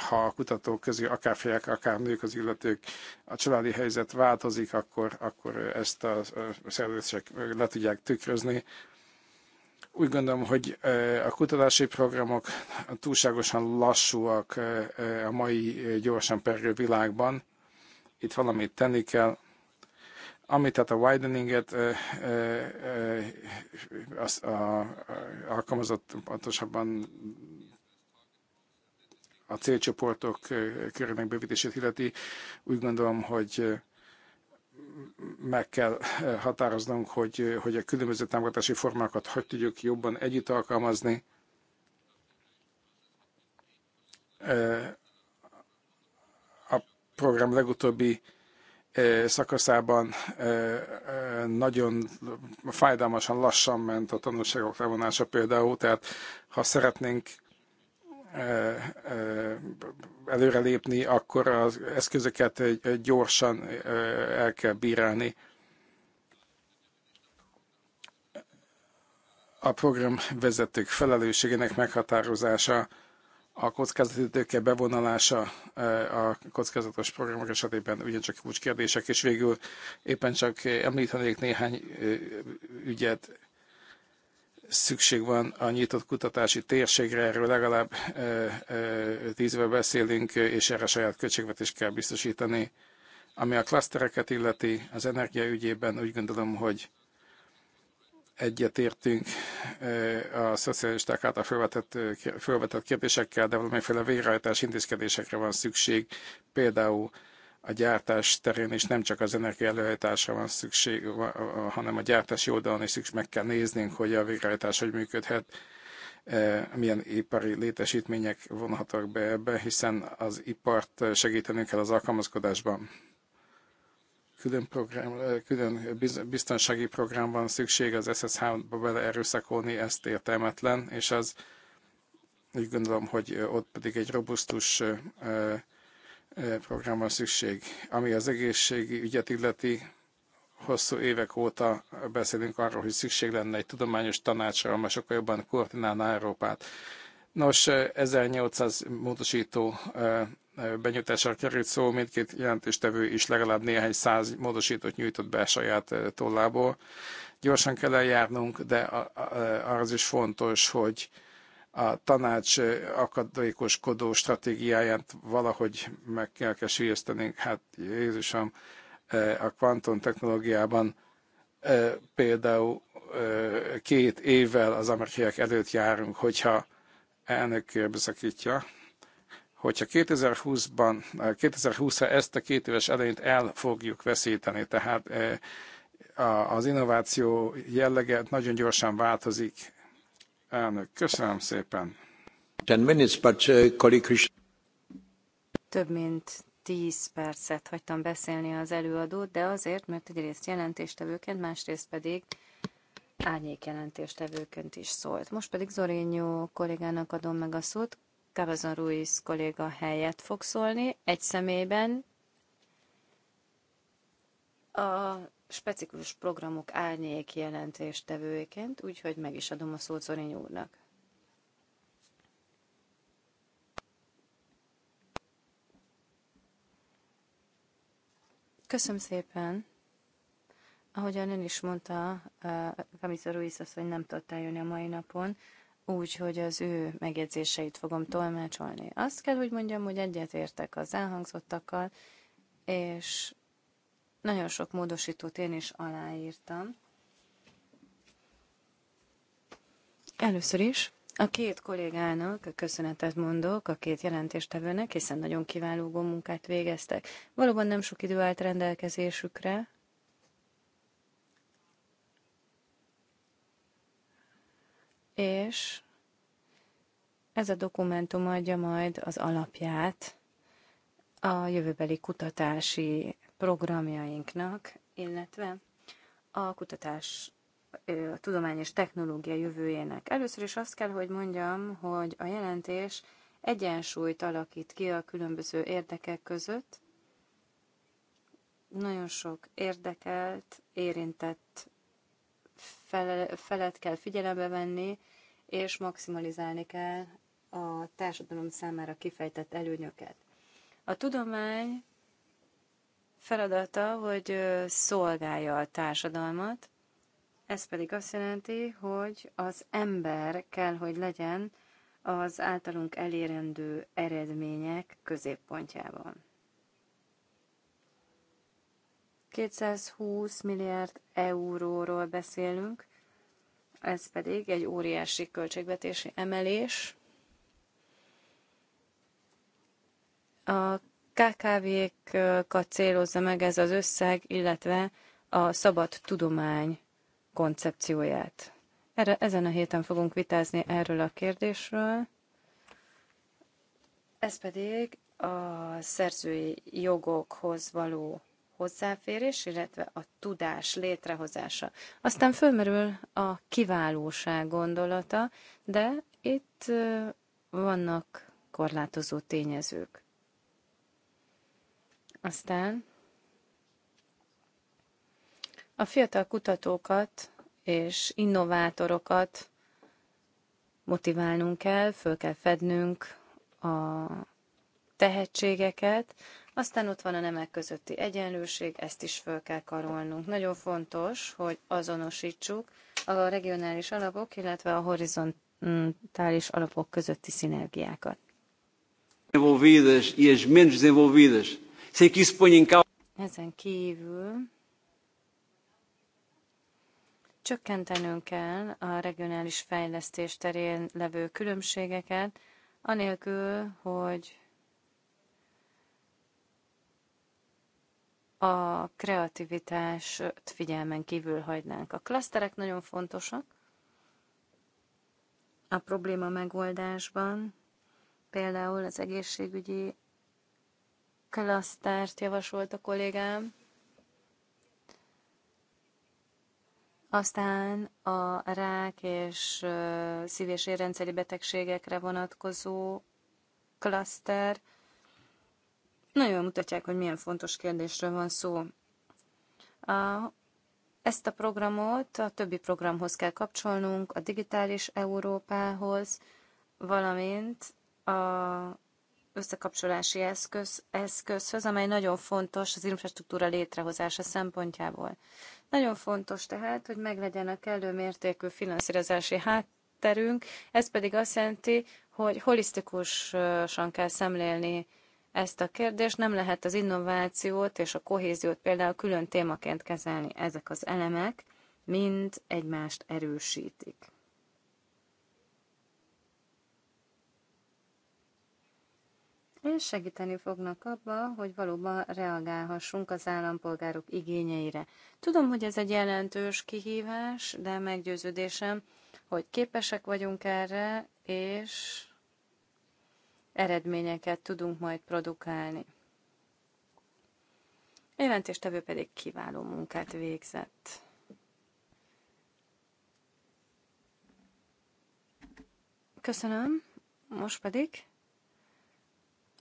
ha a kutatók közül akár fiak, akár nők az illetők, a családi helyzet változik, akkor, akkor ezt a szerződések le tudják tükrözni. Úgy gondolom, hogy a kutatási programok túlságosan lassúak a mai gyorsan pergő világban. Itt valamit tenni kell, amit hát a wideninget az a, alkalmazott pontosabban a célcsoportok körének bővítését illeti, úgy gondolom, hogy meg kell határoznunk, hogy, hogy a különböző támogatási formákat hogy tudjuk jobban együtt alkalmazni. A program legutóbbi szakaszában nagyon fájdalmasan lassan ment a tanulságok levonása például, tehát ha szeretnénk előrelépni, akkor az eszközöket gyorsan el kell bírálni. A program vezetők felelősségének meghatározása a kockázati tőke bevonalása e, a kockázatos programok esetében ugyancsak kérdések és végül éppen csak említenék néhány e, ügyet, szükség van a nyitott kutatási térségre, erről legalább e, tíz éve beszélünk, és erre saját költségvetést kell biztosítani. Ami a klasztereket illeti, az energia ügyében úgy gondolom, hogy egyetértünk eh, a szocialisták által felvetett, eh, felvetett kérdésekkel, de valamiféle végrehajtás intézkedésekre van szükség, például a gyártás terén is nem csak az energiaelőállításra van szükség, hanem a gyártási oldalon is szükség, meg kell néznünk, hogy a végrehajtás hogy működhet, eh, milyen ipari létesítmények vonhatak be ebbe, hiszen az ipart segítenünk kell az alkalmazkodásban külön, program, külön biztonsági program van szükség, az SS3-ba beleerőszakolni ezt értelmetlen, és az úgy gondolom, hogy ott pedig egy robusztus program van szükség. Ami az egészségi ügyet illeti, hosszú évek óta beszélünk arról, hogy szükség lenne egy tudományos tanácsra, amely sokkal jobban koordinálna Európát. Nos, 1800 módosító benyújtására került szó, mindkét jelentéstevő is legalább néhány száz módosítót nyújtott be saját tollából. Gyorsan kell eljárnunk, de az is fontos, hogy a tanács akadékoskodó stratégiáját valahogy meg kell kesülyeztenünk. Hát Jézusom, a kvantum technológiában például két évvel az amerikaiak előtt járunk, hogyha elnök körbeszakítja hogyha 2020-ban, 2020-ra eh, ezt a két éves elejét el fogjuk veszíteni, tehát eh, az innováció jellege nagyon gyorsan változik. Elnök, köszönöm szépen. Uh, Több mint 10 percet hagytam beszélni az előadót, de azért, mert egyrészt jelentéstevőként, másrészt pedig árnyék jelentéstevőként is szólt. Most pedig Zorényó kollégának adom meg a szót. Cavazon Ruiz kolléga helyett fog szólni, egy személyben a specifikus programok árnyék jelentéstevőjeként, úgyhogy meg is adom a szót Zorény úrnak. Köszönöm szépen. Ahogyan ön is mondta, Kamisza eh, Ruiz azt, hogy nem tudott eljönni a mai napon, úgy, hogy az ő megjegyzéseit fogom tolmácsolni. Azt kell, hogy mondjam, hogy egyetértek az elhangzottakkal, és nagyon sok módosítót én is aláírtam. Először is a két kollégának köszönetet mondok, a két jelentéstevőnek, hiszen nagyon kiváló munkát végeztek. Valóban nem sok idő állt rendelkezésükre, és ez a dokumentum adja majd az alapját a jövőbeli kutatási programjainknak, illetve a kutatás a tudomány és technológia jövőjének. Először is azt kell, hogy mondjam, hogy a jelentés egyensúlyt alakít ki a különböző érdekek között. Nagyon sok érdekelt, érintett felet kell figyelembe venni, és maximalizálni kell a társadalom számára kifejtett előnyöket. A tudomány feladata, hogy szolgálja a társadalmat, ez pedig azt jelenti, hogy az ember kell, hogy legyen az általunk elérendő eredmények középpontjában. 220 milliárd euróról beszélünk, ez pedig egy óriási költségvetési emelés. A KKV-kat célozza meg ez az összeg, illetve a szabad tudomány koncepcióját. Erre, ezen a héten fogunk vitázni erről a kérdésről. Ez pedig a szerzői jogokhoz való hozzáférés, illetve a tudás létrehozása. Aztán fölmerül a kiválóság gondolata, de itt vannak korlátozó tényezők. Aztán a fiatal kutatókat és innovátorokat motiválnunk kell, föl kell fednünk a tehetségeket, aztán ott van a nemek közötti egyenlőség, ezt is föl kell karolnunk. Nagyon fontos, hogy azonosítsuk a regionális alapok, illetve a horizontális alapok közötti szinergiákat. E Ezen kívül csökkentenünk kell a regionális fejlesztés terén levő különbségeket, anélkül, hogy a kreativitást figyelmen kívül hagynánk. A klaszterek nagyon fontosak a probléma megoldásban, például az egészségügyi klasztert javasolt a kollégám, aztán a rák és szív- és érrendszeri betegségekre vonatkozó klaszter, nagyon jól mutatják, hogy milyen fontos kérdésről van szó. A, ezt a programot a többi programhoz kell kapcsolnunk, a digitális Európához, valamint a összekapcsolási eszköz, eszközhöz, amely nagyon fontos az infrastruktúra létrehozása szempontjából. Nagyon fontos tehát, hogy meglegyen a kellő mértékű finanszírozási hátterünk, ez pedig azt jelenti, hogy holisztikusan kell szemlélni ezt a kérdést, nem lehet az innovációt és a kohéziót például külön témaként kezelni. Ezek az elemek mind egymást erősítik. És segíteni fognak abba, hogy valóban reagálhassunk az állampolgárok igényeire. Tudom, hogy ez egy jelentős kihívás, de meggyőződésem, hogy képesek vagyunk erre, és eredményeket tudunk majd produkálni. A jelentéstevő pedig kiváló munkát végzett. Köszönöm. Most pedig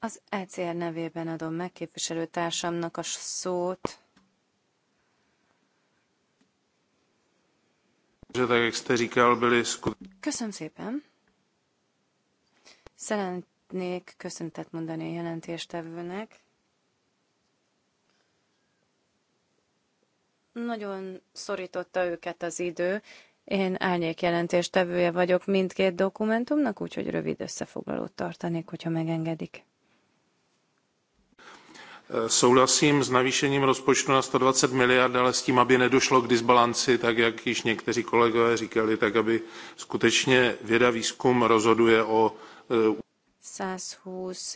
az ECR nevében adom meg képviselőtársamnak a szót. Köszönöm szépen. Szeren Szeretnék köszöntet mondani a jelentéstevőnek. Nagyon szorította őket az idő. Én árnyék jelentéstevője vagyok mindkét dokumentumnak, úgyhogy rövid összefoglalót tartanék, hogyha megengedik. Souhlasím s navýšením rozpočtu na 120 miliard, ale s tím, aby nedošlo k disbalanci, tak jak již někteří kolegové říkali, tak aby skutečně věda výzkum rozhoduje o e, 120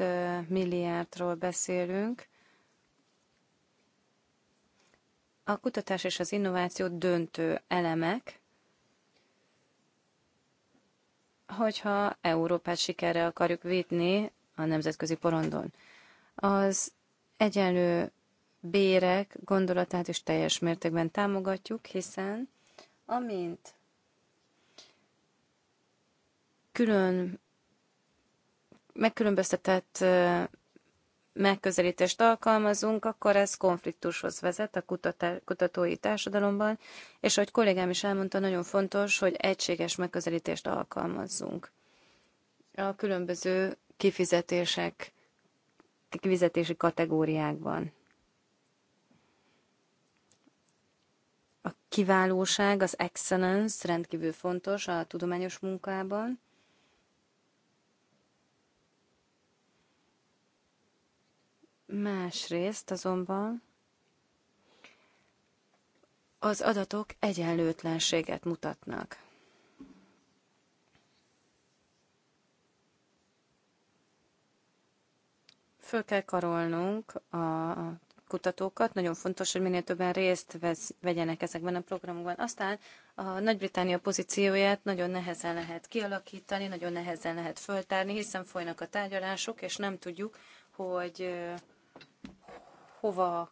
milliárdról beszélünk. A kutatás és az innováció döntő elemek, hogyha Európát sikerre akarjuk védni a nemzetközi porondon. Az egyenlő bérek gondolatát is teljes mértékben támogatjuk, hiszen amint külön megkülönböztetett megközelítést alkalmazunk, akkor ez konfliktushoz vezet a kutatói társadalomban, és ahogy kollégám is elmondta, nagyon fontos, hogy egységes megközelítést alkalmazzunk. A különböző kifizetések, kifizetési kategóriákban. A kiválóság, az excellence rendkívül fontos a tudományos munkában, Másrészt azonban az adatok egyenlőtlenséget mutatnak. Föl kell karolnunk a kutatókat, nagyon fontos, hogy minél többen részt vesz, vegyenek ezekben a programokban. Aztán a Nagy-Britannia pozícióját nagyon nehezen lehet kialakítani, nagyon nehezen lehet föltárni, hiszen folynak a tárgyalások, és nem tudjuk, hogy hova,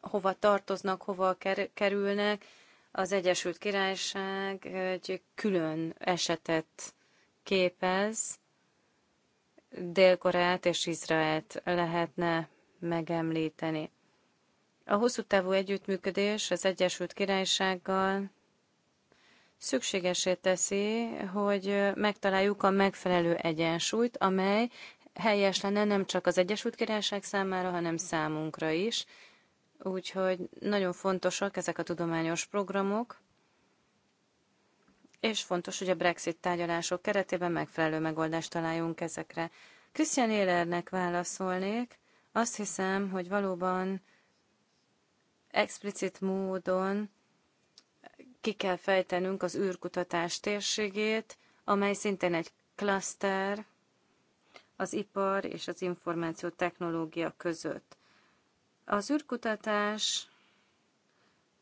hova tartoznak, hova kerülnek. Az Egyesült Királyság egy külön esetet képez. Dél-Koreát és Izraelt lehetne megemlíteni. A hosszú távú együttműködés az Egyesült Királysággal szükségesé teszi, hogy megtaláljuk a megfelelő egyensúlyt, amely helyes lenne nem csak az Egyesült Királyság számára, hanem számunkra is. Úgyhogy nagyon fontosak ezek a tudományos programok, és fontos, hogy a Brexit tárgyalások keretében megfelelő megoldást találjunk ezekre. Christian Élernek válaszolnék. Azt hiszem, hogy valóban explicit módon ki kell fejtenünk az űrkutatás térségét, amely szintén egy klaszter, az ipar és az információ technológia között. Az űrkutatás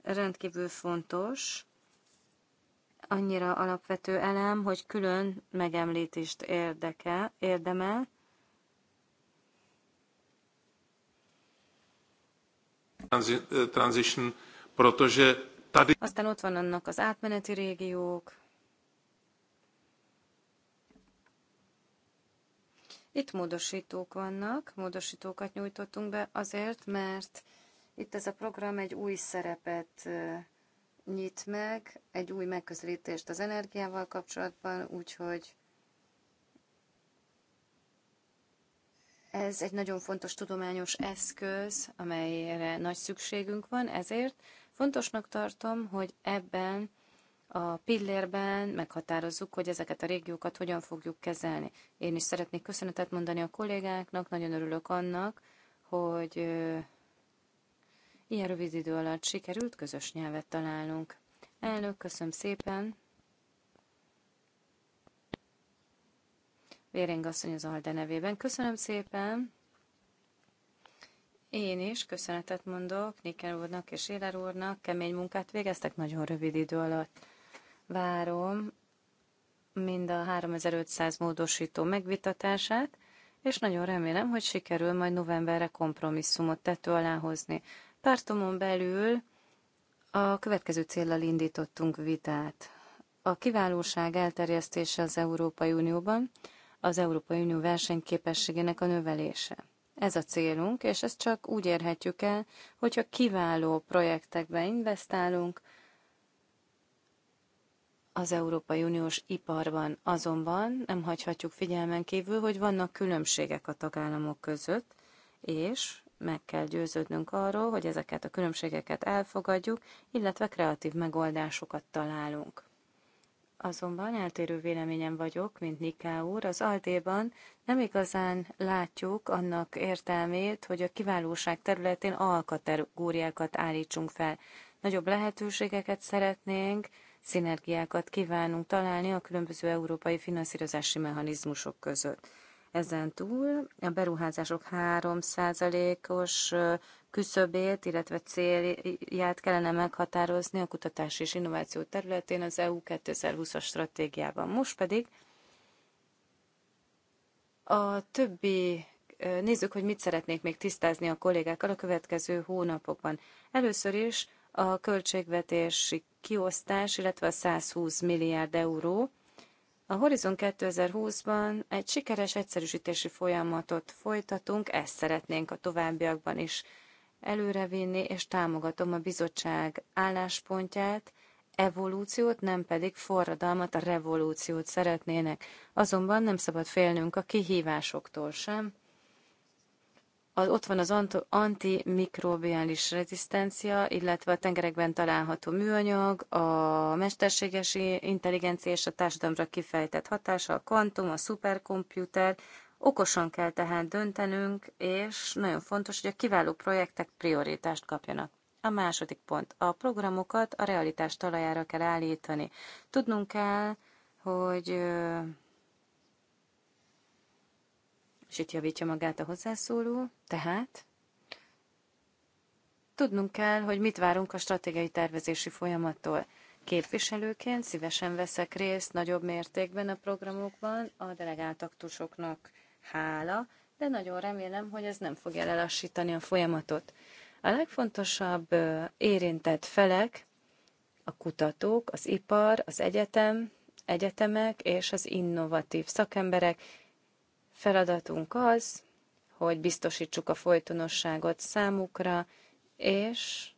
rendkívül fontos, annyira alapvető elem, hogy külön megemlítést érdeke, érdemel. Eh, transition, protože tady... Aztán ott van annak az átmeneti régiók, Itt módosítók vannak, módosítókat nyújtottunk be azért, mert itt ez a program egy új szerepet nyit meg, egy új megközelítést az energiával kapcsolatban, úgyhogy ez egy nagyon fontos tudományos eszköz, amelyre nagy szükségünk van, ezért fontosnak tartom, hogy ebben a pillérben meghatározzuk, hogy ezeket a régiókat hogyan fogjuk kezelni. Én is szeretnék köszönetet mondani a kollégáknak, nagyon örülök annak, hogy ilyen rövid idő alatt sikerült közös nyelvet találnunk. Elnök, köszönöm szépen! Véring asszony az Alde nevében. Köszönöm szépen! Én is köszönetet mondok Niker úrnak és Éler úrnak, kemény munkát végeztek nagyon rövid idő alatt várom mind a 3500 módosító megvitatását, és nagyon remélem, hogy sikerül majd novemberre kompromisszumot tető alá hozni. Pártomon belül a következő céllal indítottunk vitát. A kiválóság elterjesztése az Európai Unióban, az Európai Unió versenyképességének a növelése. Ez a célunk, és ezt csak úgy érhetjük el, hogyha kiváló projektekbe investálunk, az Európai Uniós iparban azonban nem hagyhatjuk figyelmen kívül, hogy vannak különbségek a tagállamok között, és meg kell győződnünk arról, hogy ezeket a különbségeket elfogadjuk, illetve kreatív megoldásokat találunk. Azonban eltérő véleményem vagyok, mint Niká úr, az Aldéban nem igazán látjuk annak értelmét, hogy a kiválóság területén alkategóriákat állítsunk fel. Nagyobb lehetőségeket szeretnénk, szinergiákat kívánunk találni a különböző európai finanszírozási mechanizmusok között. Ezen túl a beruházások 3%-os küszöbét, illetve célját kellene meghatározni a kutatás és innováció területén az EU 2020-as stratégiában. Most pedig a többi nézzük, hogy mit szeretnék még tisztázni a kollégákkal a következő hónapokban. Először is a költségvetési kiosztás, illetve a 120 milliárd euró. A Horizon 2020-ban egy sikeres egyszerűsítési folyamatot folytatunk, ezt szeretnénk a továbbiakban is előrevinni, és támogatom a bizottság álláspontját, evolúciót, nem pedig forradalmat, a revolúciót szeretnének. Azonban nem szabad félnünk a kihívásoktól sem az, ott van az antimikrobiális rezisztencia, illetve a tengerekben található műanyag, a mesterséges intelligencia és a társadalomra kifejtett hatása, a kvantum, a szuperkomputer. Okosan kell tehát döntenünk, és nagyon fontos, hogy a kiváló projektek prioritást kapjanak. A második pont. A programokat a realitás talajára kell állítani. Tudnunk kell, hogy és itt javítja magát a hozzászóló, tehát tudnunk kell, hogy mit várunk a stratégiai tervezési folyamattól. Képviselőként szívesen veszek részt nagyobb mértékben a programokban, a delegált aktusoknak hála, de nagyon remélem, hogy ez nem fogja lelassítani a folyamatot. A legfontosabb érintett felek a kutatók, az ipar, az egyetem, egyetemek és az innovatív szakemberek, Feladatunk az, hogy biztosítsuk a folytonosságot számukra, és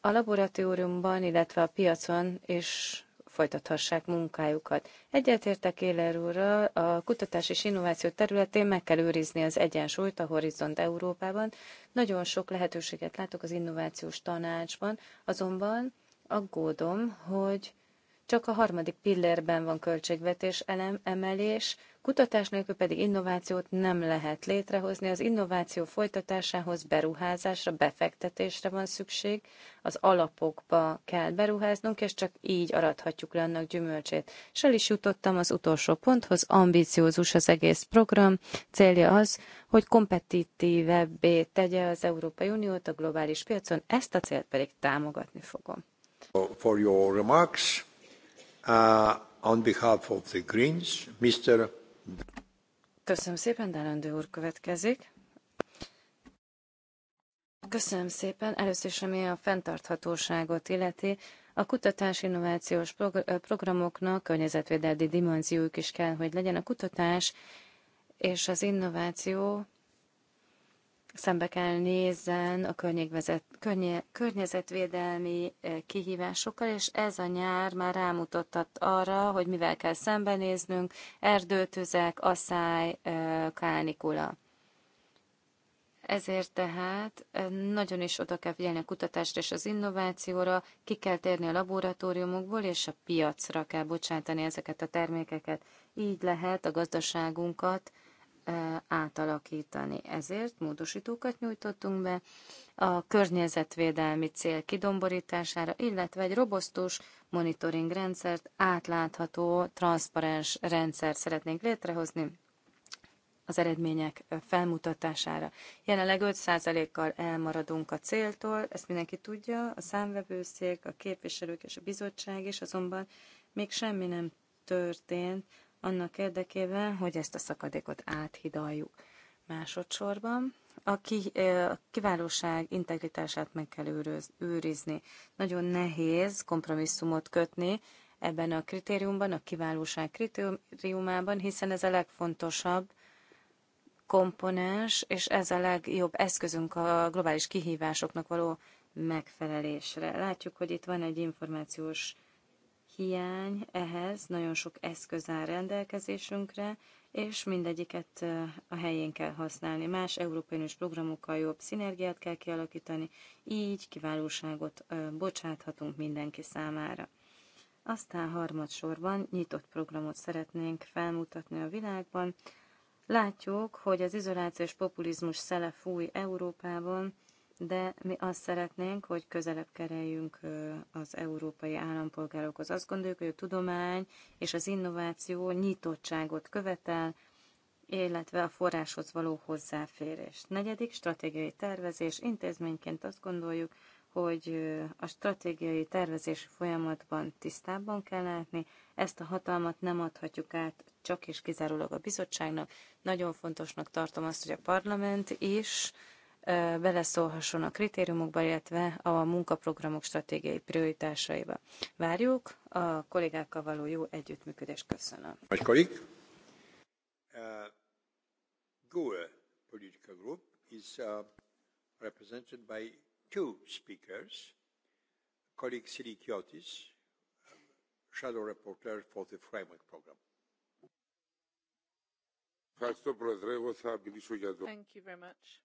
a laboratóriumban, illetve a piacon is folytathassák munkájukat. Egyetértek Éler úrral, a kutatás és innováció területén meg kell őrizni az egyensúlyt a Horizont Európában. Nagyon sok lehetőséget látok az innovációs tanácsban, azonban aggódom, hogy csak a harmadik pillérben van költségvetés elem, emelés, kutatás nélkül pedig innovációt nem lehet létrehozni. Az innováció folytatásához beruházásra, befektetésre van szükség, az alapokba kell beruháznunk, és csak így arathatjuk le annak gyümölcsét. És el is jutottam az utolsó ponthoz, ambiciózus az egész program. Célja az, hogy kompetitívebbé tegye az Európai Uniót a globális piacon, ezt a célt pedig támogatni fogom. For your remarks. Uh, Köszönöm szépen, Dálendő úr következik. Köszönöm szépen. Először is, ami a fenntarthatóságot illeti, a kutatás innovációs programoknak környezetvédelmi dimenziójuk is kell, hogy legyen. A kutatás és az innováció szembe kell nézzen a környe, környezetvédelmi eh, kihívásokkal, és ez a nyár már rámutatott arra, hogy mivel kell szembenéznünk, erdőtüzek, asszály, eh, kánikula. Ezért tehát eh, nagyon is oda kell figyelni a kutatásra és az innovációra, ki kell térni a laboratóriumokból, és a piacra kell bocsátani ezeket a termékeket. Így lehet a gazdaságunkat átalakítani. Ezért módosítókat nyújtottunk be a környezetvédelmi cél kidomborítására, illetve egy robosztus monitoring rendszert, átlátható, transzparens rendszer szeretnénk létrehozni az eredmények felmutatására. Jelenleg 5%-kal elmaradunk a céltól, ezt mindenki tudja, a számvevőszék, a képviselők és a bizottság is, azonban még semmi nem történt annak érdekében, hogy ezt a szakadékot áthidaljuk. Másodszorban a, ki, a kiválóság integritását meg kell őröz, őrizni. Nagyon nehéz kompromisszumot kötni ebben a kritériumban, a kiválóság kritériumában, hiszen ez a legfontosabb komponens, és ez a legjobb eszközünk a globális kihívásoknak való megfelelésre. Látjuk, hogy itt van egy információs hiány, ehhez nagyon sok eszköz áll rendelkezésünkre, és mindegyiket a helyén kell használni. Más európai Uniós programokkal jobb szinergiát kell kialakítani, így kiválóságot bocsáthatunk mindenki számára. Aztán harmadsorban nyitott programot szeretnénk felmutatni a világban. Látjuk, hogy az izolációs populizmus szele fúj Európában, de mi azt szeretnénk, hogy közelebb kereljünk az európai állampolgárokhoz. Azt gondoljuk, hogy a tudomány és az innováció nyitottságot követel, illetve a forráshoz való hozzáférés. Negyedik, stratégiai tervezés. Intézményként azt gondoljuk, hogy a stratégiai tervezési folyamatban tisztában kell látni, ezt a hatalmat nem adhatjuk át csak és kizárólag a bizottságnak. Nagyon fontosnak tartom azt, hogy a parlament is beleszólhasson a kritériumokba, illetve a munkaprogramok stratégiai prioritásaiba. Várjuk a kollégákkal való jó együttműködést. Köszönöm. kollég? Uh, political group is uh, represented by two speakers, colleague uh, shadow reporter for the framework program. Thank you very much.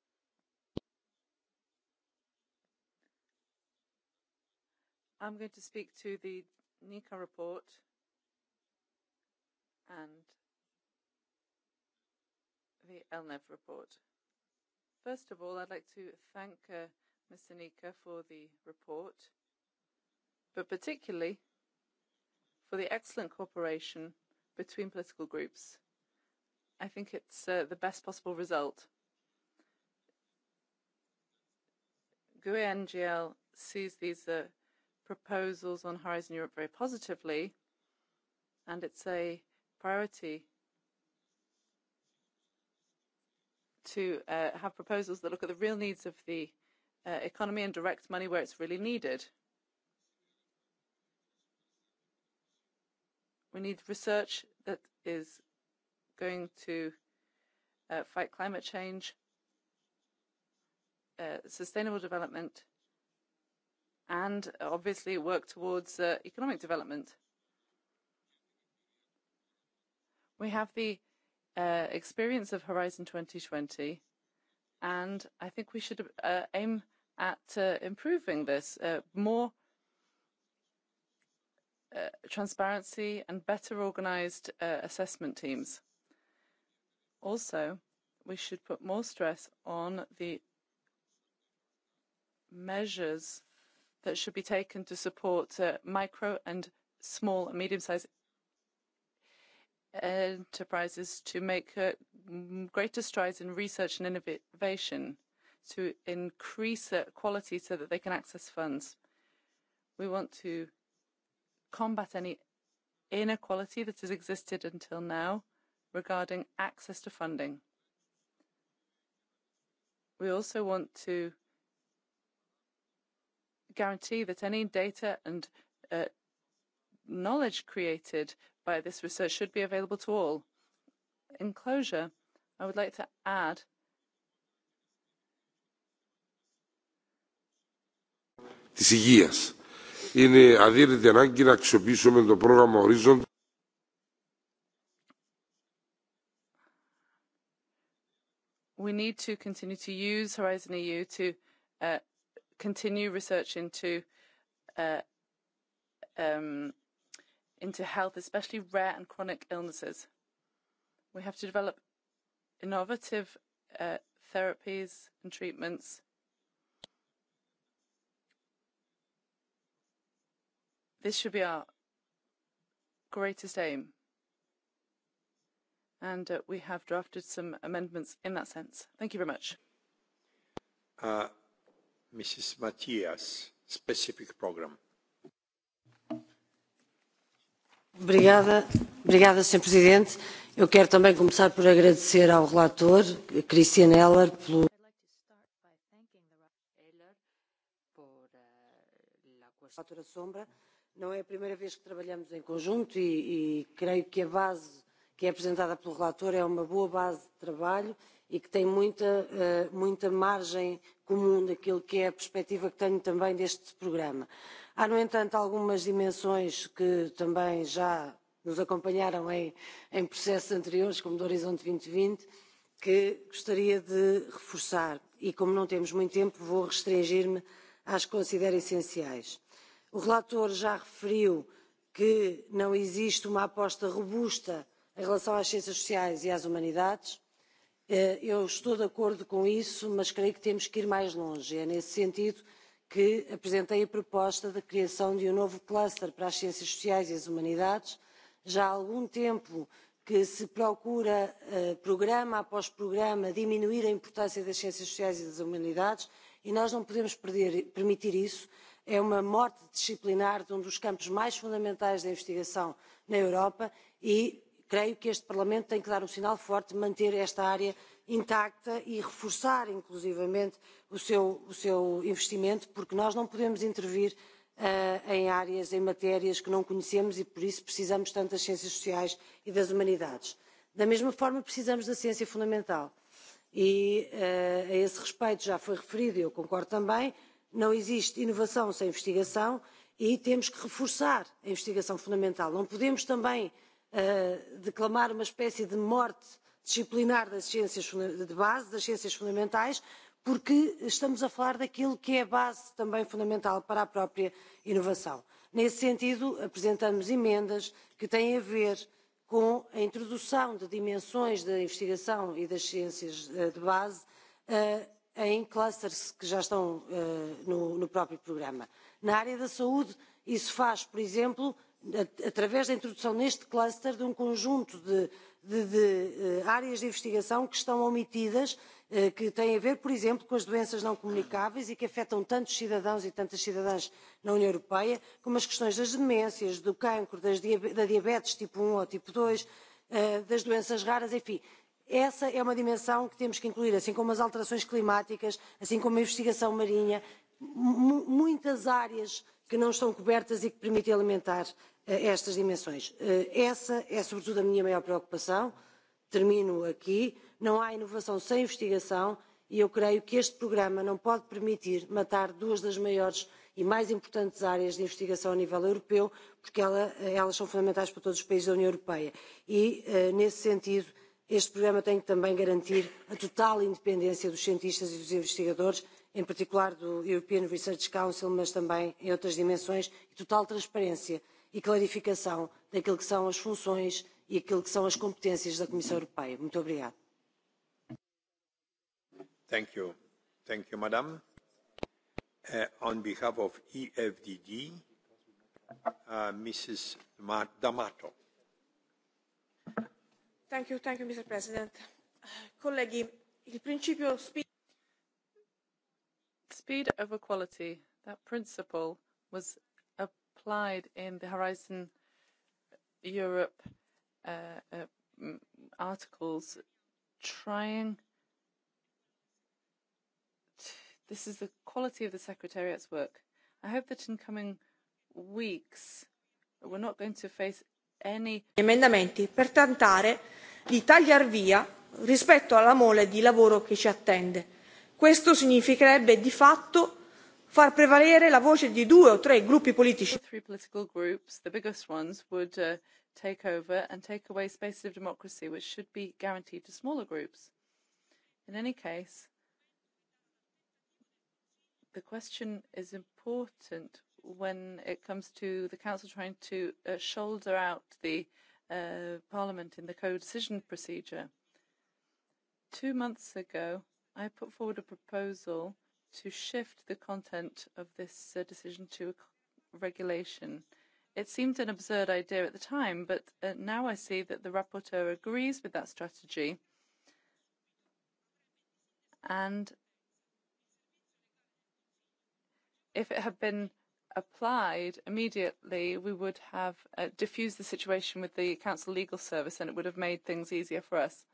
I'm going to speak to the NICA report and the ELNEV report. First of all, I'd like to thank uh, Mr. Nika for the report, but particularly for the excellent cooperation between political groups. I think it's uh, the best possible result. GUE NGL sees these uh, proposals on Horizon Europe very positively, and it's a priority to uh, have proposals that look at the real needs of the uh, economy and direct money where it's really needed. We need research that is going to uh, fight climate change, uh, sustainable development, and obviously work towards uh, economic development. We have the uh, experience of Horizon 2020, and I think we should uh, aim at uh, improving this. Uh, more uh, transparency and better organized uh, assessment teams. Also, we should put more stress on the measures that should be taken to support uh, micro and small and medium-sized enterprises to make uh, greater strides in research and innovation to increase uh, quality so that they can access funds. We want to combat any inequality that has existed until now regarding access to funding. We also want to guarantee that any data and uh, knowledge created by this research should be available to all. In closure, I would like to add της υγείας. Είναι αδύνατη ανάγκη να αξιοποιήσουμε το πρόγραμμα Horizon. We need to continue to use Horizon EU to uh, continue research into uh, um, into health, especially rare and chronic illnesses. We have to develop innovative uh, therapies and treatments. This should be our greatest aim. And uh, we have drafted some amendments in that sense. Thank you very much. Uh, Mrs. Matias, specific program. Obrigada, obrigada, Sr. Presidente. Eu quero também começar por agradecer ao relator, Christian Heller, pelo. Eh, Relatora Sombra, não é a primeira vez que trabalhamos em conjunto e, e creio que a base que é apresentada pelo relator é uma boa base de trabalho e que tem muita, eh, muita margem comum daquilo que é a perspectiva que tenho também deste programa. Há, no entanto, algumas dimensões que também já nos acompanharam em, em processos anteriores, como do Horizonte 2020, e que gostaria de reforçar. E como não temos muito tempo, vou restringir-me às que considero essenciais. O relator já referiu que não existe uma aposta robusta em relação às ciências sociais e às humanidades Eh, eu estou de acordo com isso mas creio que temos que ir mais longe. é nesse sentido que apresentei a proposta da criação de um novo cluster para as ciências sociais e as humanidades. já há algum tempo que se procura eh, programa após programa diminuir a importância das ciências sociais e das humanidades e nós não podemos perder, permitir isso. é uma morte disciplinar de um dos campos mais fundamentais da investigação na europa e creio que este parlamento tem que dar um sinal forte de manter esta área intacta e reforçar inclusivamente o seu, o seu investimento porque nós não podemos intervir uh, em áreas em matérias que não conhecemos e por isso precisamos tanto das ciências sociais e das humanidades. da mesma forma precisamos da ciência fundamental e uh, a esse respeito já foi referido e eu concordo também não existe inovação sem investigação e temos que reforçar a investigação fundamental. não podemos também uh, Eh, declamar uma espécie de morte disciplinar das ciências de base, das ciências fundamentais, porque estamos a falar daquilo que é a base também fundamental para a própria inovação. Nesse sentido, apresentamos emendas que têm a ver com a introdução de dimensões da investigação e das ciências eh, de base eh, em clusters que já estão no próprio programa. Na área da saúde, isso faz, por exemplo, através da introdução neste cluster de um conjunto de, de, de eh, áreas de investigação que estão omitidas, eh, que têm a ver, por exemplo, com as doenças não comunicáveis e que afetam tantos cidadãos e tantas cidadãs na União Europeia, como as questões das demências, do cancro, das, da diabetes tipo 1 um ou tipo 2, eh, das doenças raras, enfim. Essa é uma dimensão que temos que incluir, assim como as alterações climáticas, assim como a investigação marinha, muitas áreas que não estão cobertas e que permitem alimentar estas dimensões. Eh, essa é, sobretudo, a minha maior preocupação. Termino aqui. Não há inovação sem investigação e eu creio que este programa não pode permitir matar duas das maiores e mais importantes áreas de investigação a nível europeu, porque ela, elas são fundamentais para todos os países da União Europeia. E, eh, nesse sentido, este programa tem que também garantir a total independência dos cientistas e dos investigadores, em particular do European Research Council, mas também em outras dimensões, e total transparência e clarificação daquilo que são as funções e aquilo que são as competências da Comissão Europeia. Muito obrigada. Thank you. Thank you, madam. Uh, on behalf of EFDD, uh, Mrs. D'Amato. Thank you, thank you, Mr. President. Colleghi, il principio speed... speed over quality, that principle was applied in the Horizon Europe uh, uh, articles, trying. To, this is the quality of the Secretariat's work. I hope that in coming weeks we're not going to face any. Emendamenti per tentare di tagliar via rispetto alla mole di lavoro che ci attende. Questo significherebbe di fatto far prevalere la voce di due o tre gruppi politici. Three political groups, the biggest ones, would uh, take over and take away spaces of democracy which should be guaranteed to smaller groups. In any case, the question is important when it comes to the Council trying to uh, shoulder out the uh, Parliament in the co-decision procedure. Two months ago, I put forward a proposal to shift the content of this uh, decision to a regulation. It seemed an absurd idea at the time, but uh, now I see that the rapporteur agrees with that strategy. And if it had been applied immediately, we would have uh, diffused the situation with the Council Legal Service and it would have made things easier for us.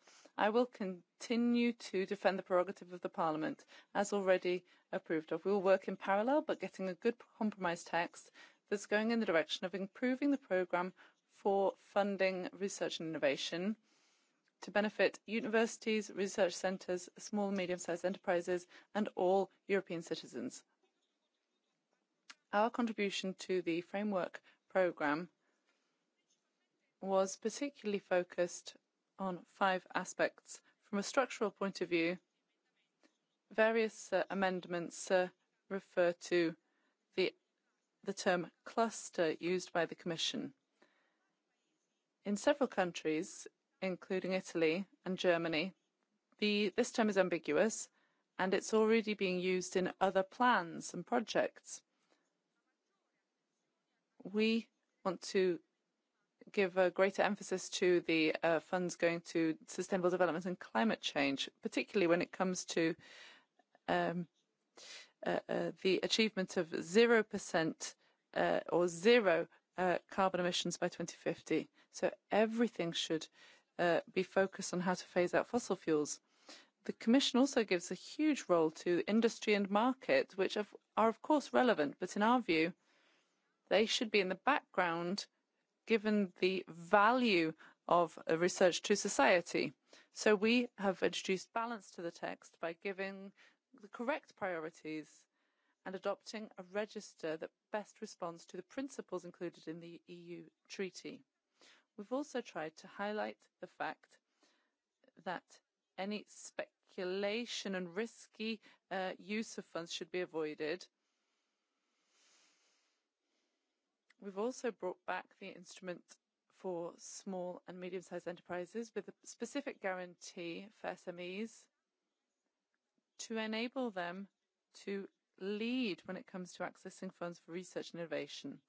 I will continue to defend the prerogative of the Parliament, as already approved of. We will work in parallel, but getting a good compromise text that's going in the direction of improving the programme for funding research and innovation to benefit universities, research centres, small and medium-sized enterprises and all European citizens. Our contribution to the framework programme was particularly focused on five aspects. From a structural point of view, various uh, amendments uh, refer to the, the term cluster used by the Commission. In several countries, including Italy and Germany, the, this term is ambiguous and it's already being used in other plans and projects. We want to give a greater emphasis to the uh, funds going to sustainable development and climate change, particularly when it comes to um, uh, uh, the achievement of 0% uh, or zero uh, carbon emissions by 2050. So everything should uh, be focused on how to phase out fossil fuels. The Commission also gives a huge role to industry and market, which are, are of course relevant, but in our view, they should be in the background given the value of research to society. So we have introduced balance to the text by giving the correct priorities and adopting a register that best responds to the principles included in the EU treaty. We've also tried to highlight the fact that any speculation and risky uh, use of funds should be avoided We've also brought back the instrument for small and medium-sized enterprises with a specific guarantee for SMEs to enable them to lead when it comes to accessing funds for research and innovation.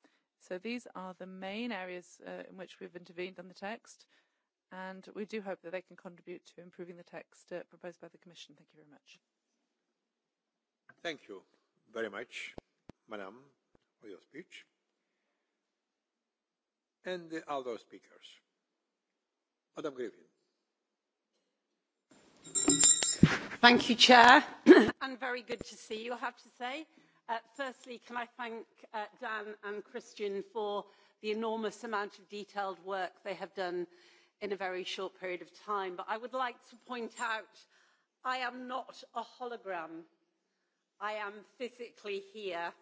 So these are the main areas uh, in which we've intervened on the text, and we do hope that they can contribute to improving the text uh, proposed by the Commission. Thank you very much. Thank you very much, Madam, for your speech and the other speakers. Madam Griffin. Thank you, Chair, and very good to see you, I have to say. Uh, firstly, can I thank uh, Dan and Christian for the enormous amount of detailed work they have done in a very short period of time. But I would like to point out I am not a hologram. I am physically here.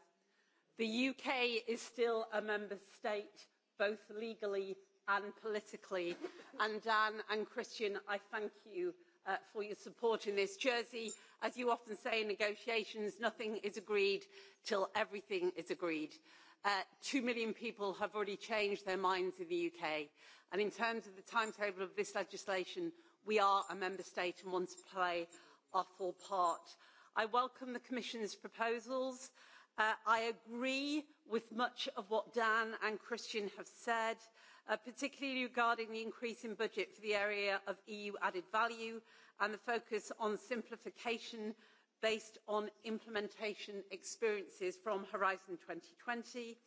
The UK is still a member state both legally and politically and dan and christian i thank you uh, for your support in this. jersey as you often say in negotiations nothing is agreed till everything is agreed. Uh, two million people have already changed their minds in the uk and in terms of the timetable of this legislation we are a member state and want to play our full part. i welcome the commission's proposals and Uh, I agree with much of what Dan and Christian have said, uh, particularly regarding the increase in budget for the area of EU added value and the focus on simplification based on implementation experiences from Horizon 2020.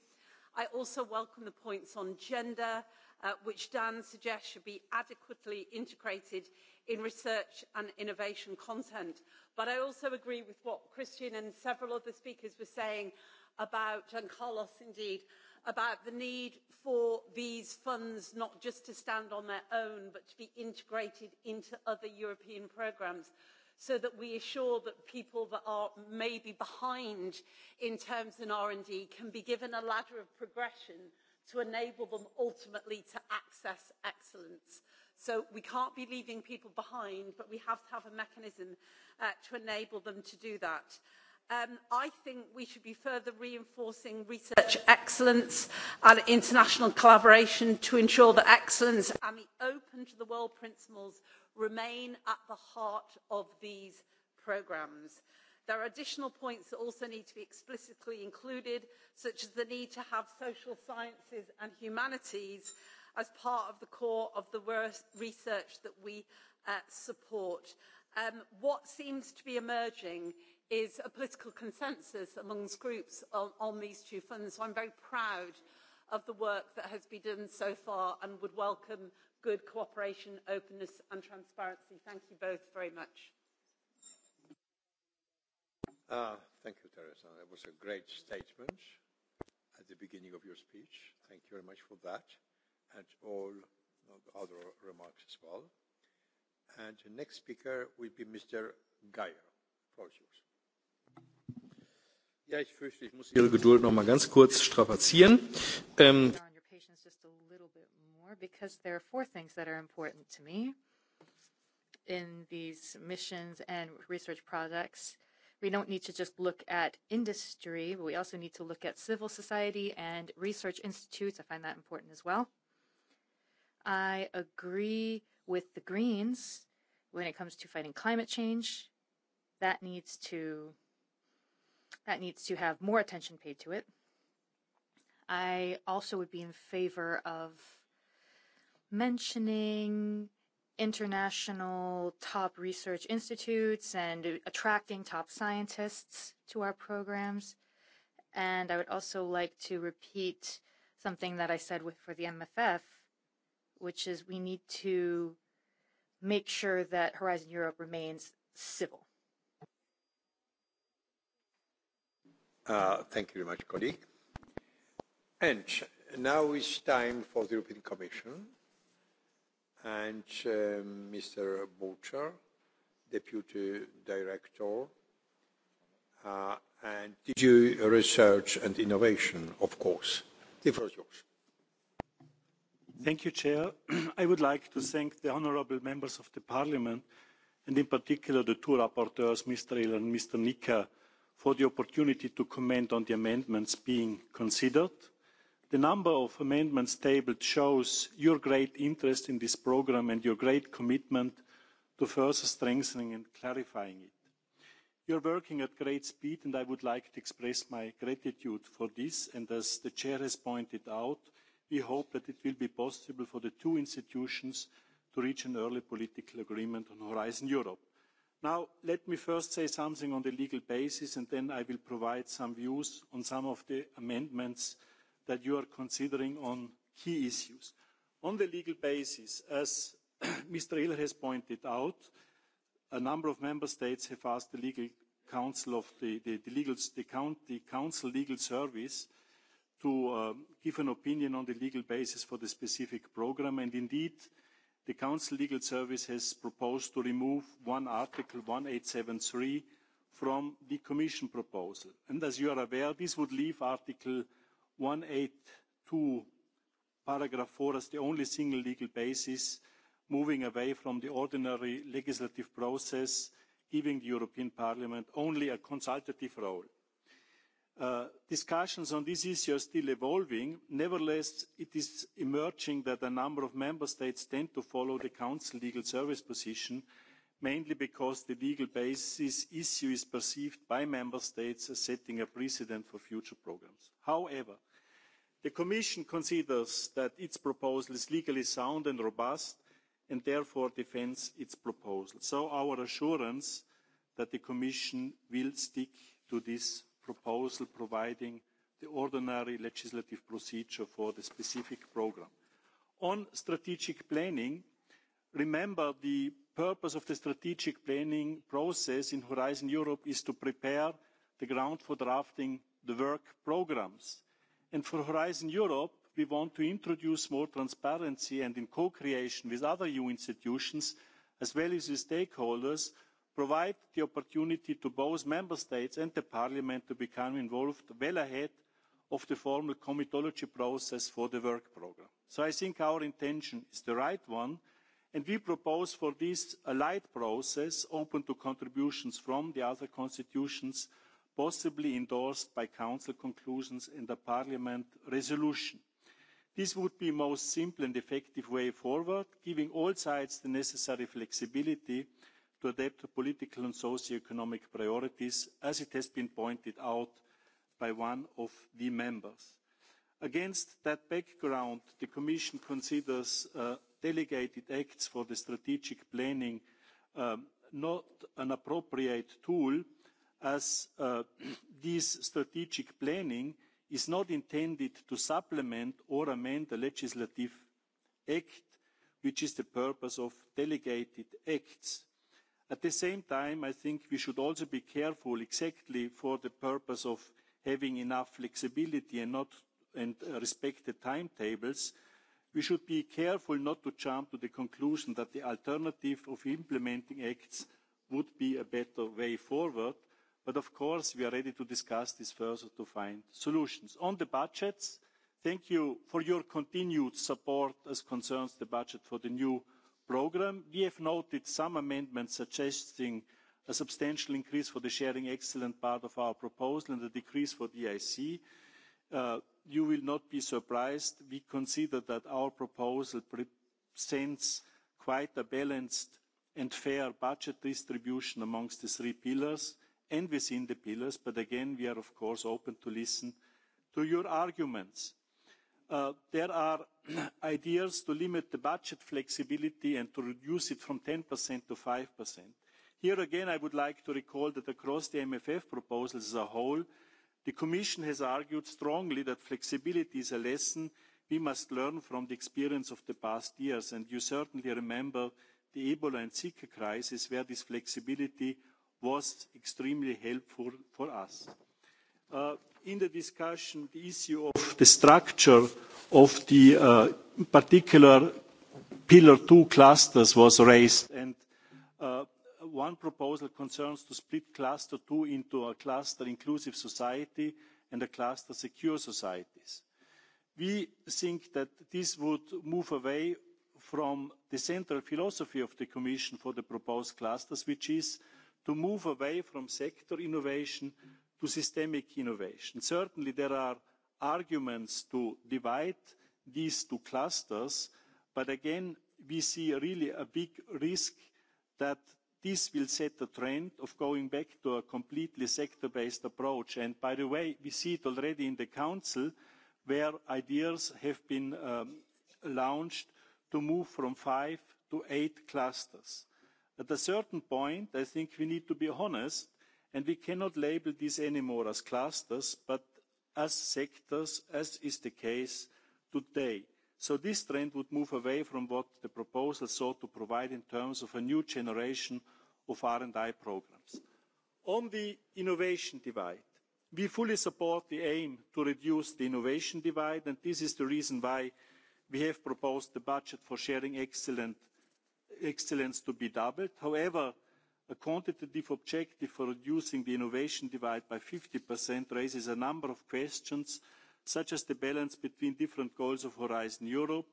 I also welcome the points on gender, uh, which Dan suggests should be adequately integrated in research and innovation content. But I also agree with what Christian and several other speakers were saying about, and Carlos indeed, about the need for these funds not just to stand on their own, but to be integrated into other European programmes so that we assure that people that are maybe behind in terms of R&D can be given a ladder of progression to enable them ultimately to access excellence. So we can't be leaving people behind, but we have to have a mechanism uh, to enable them to do that. Um, I think we should be further reinforcing research excellence and international collaboration to ensure that excellence and the open to the world principles remain at the heart of these programmes. There are additional points that also need to be explicitly included, such as the need to have social sciences and humanities as part of the core of the research that we uh, support. Um, what seems to be emerging is a political consensus amongst groups on, on these two funds. So I'm very proud of the work that has been done so far and would welcome good cooperation, openness and transparency. Thank you both very much. Uh, thank you, Teresa. That was a great statement at the beginning of your speech. Thank you very much for that and all other remarks as well. And the next speaker will be Mr. Geier. Floor is yours. Ja, ich fürchte, ich muss Ihre Geduld noch mal ganz kurz strapazieren. Ähm because there are four things that are important to me in these missions and research projects. We don't need to just look at industry, but we also need to look at civil society and research institutes. I find that important as well. I agree with the Greens when it comes to fighting climate change. That needs to that needs to have more attention paid to it. I also would be in favor of mentioning international top research institutes and attracting top scientists to our programs. And I would also like to repeat something that I said with, for the MFF which is we need to make sure that Horizon Europe remains civil. Uh, thank you very much, colleague. And now it's time for the European Commission and uh, um, Mr. Butcher, Deputy Director, uh, and you Research and Innovation, of course. The floor is yours. Thank you, Chair. I would like to thank the honourable members of the Parliament, and in particular the two rapporteurs, Mr. Ehler and Mr. Nica, for the opportunity to comment on the amendments being considered. The number of amendments tabled shows your great interest in this programme and your great commitment to further strengthening and clarifying it. You're working at great speed, and I would like to express my gratitude for this. And as the chair has pointed out, we hope that it will be possible for the two institutions to reach an early political agreement on horizon europe. now let me first say something on the legal basis and then i will provide some views on some of the amendments that you are considering on key issues. on the legal basis as mr ehler has pointed out a number of member states have asked the legal counsel of the, council legal service to uh, give an opinion on the legal basis for the specific programme and indeed the council legal service has proposed to remove one article 187(3) from the commission proposal and as you are aware this would leave article 182, paragraph four as the only single legal basis moving away from the ordinary legislative process giving the european parliament only a consultative role. Uh, discussions on this issue are still evolving. Nevertheless, it is emerging that a number of member states tend to follow the Council legal service position, mainly because the legal basis issue is perceived by member states as setting a precedent for future programmes. However, the Commission considers that its proposal is legally sound and robust and therefore defends its proposal. So our assurance that the Commission will stick to this proposal providing the ordinary legislative procedure for the specific programme. On strategic planning, remember the purpose of the strategic planning process in Horizon Europe is to prepare the ground for drafting the work programmes. And for Horizon Europe, we want to introduce more transparency and in co-creation with other EU institutions, as well as with stakeholders, provide the opportunity to both member states and parliament to become involved well ahead of the formal comitology process for the work programme. so i think our intention is the right one and we propose for this a light process open to contributions from the other constitutions possibly endorsed by council conclusions and a parliament resolution. this would be the most simple and effective way forward giving all sides the necessary flexibility to adapt to political and socio-economic priorities as it has been pointed out by one of the members. Against that background, the Commission considers uh, delegated acts for the strategic planning um, not an appropriate tool as uh, this strategic planning is not intended to supplement or amend the legislative act, which is the purpose of delegated acts at the same time i think we should also be careful exactly for the purpose of having enough flexibility and not and uh, respect the timetables we should be careful not to jump to the conclusion that the alternative of implementing acts would be a better way forward but of course we are ready to discuss this further to find solutions. on the budgets thank you for your continued support as concerns the budget for the new programme we have noted some amendments suggesting a substantial increase for the sharing excellence part of our proposal and a decrease for the eic. Uh, you will not be surprised we consider that our proposal presents quite a balanced and fair budget distribution amongst the three pillars and within the pillars but again we are of course open to listen to your arguments. Uh, there are ideas to limit the budget flexibility and to reduce it from 10% to 5%. Here again, I would like to recall that across the MFF proposals as a whole, the Commission has argued strongly that flexibility is a lesson we must learn from the experience of the past years. And you certainly remember the Ebola and Zika crisis, where this flexibility was extremely helpful for us. Uh, in the discussion, the issue of the structure of the uh, particular pillar two clusters was raised, and uh, one proposal concerns to split cluster two into a cluster inclusive society and a cluster secure societies. We think that this would move away from the central philosophy of the Commission for the proposed clusters, which is to move away from sector innovation to systemic innovation. Certainly there are arguments to divide these two clusters, but again, we see really a big risk that this will set the trend of going back to a completely sector-based approach. And by the way, we see it already in the Council, where ideas have been um, launched to move from five to eight clusters. At a certain point, I think we need to be honest, and we cannot label these anymore as clusters but as sectors as is the case today. so this trend would move away from what the proposal sought to provide in terms of a new generation of r&i programmes. on the innovation divide we fully support the aim to reduce the innovation divide and this is the reason why we have proposed the budget for sharing excellence to be doubled. however a quantitative objective for reducing the innovation divide by fifty raises a number of questions, such as the balance between different goals of Horizon Europe,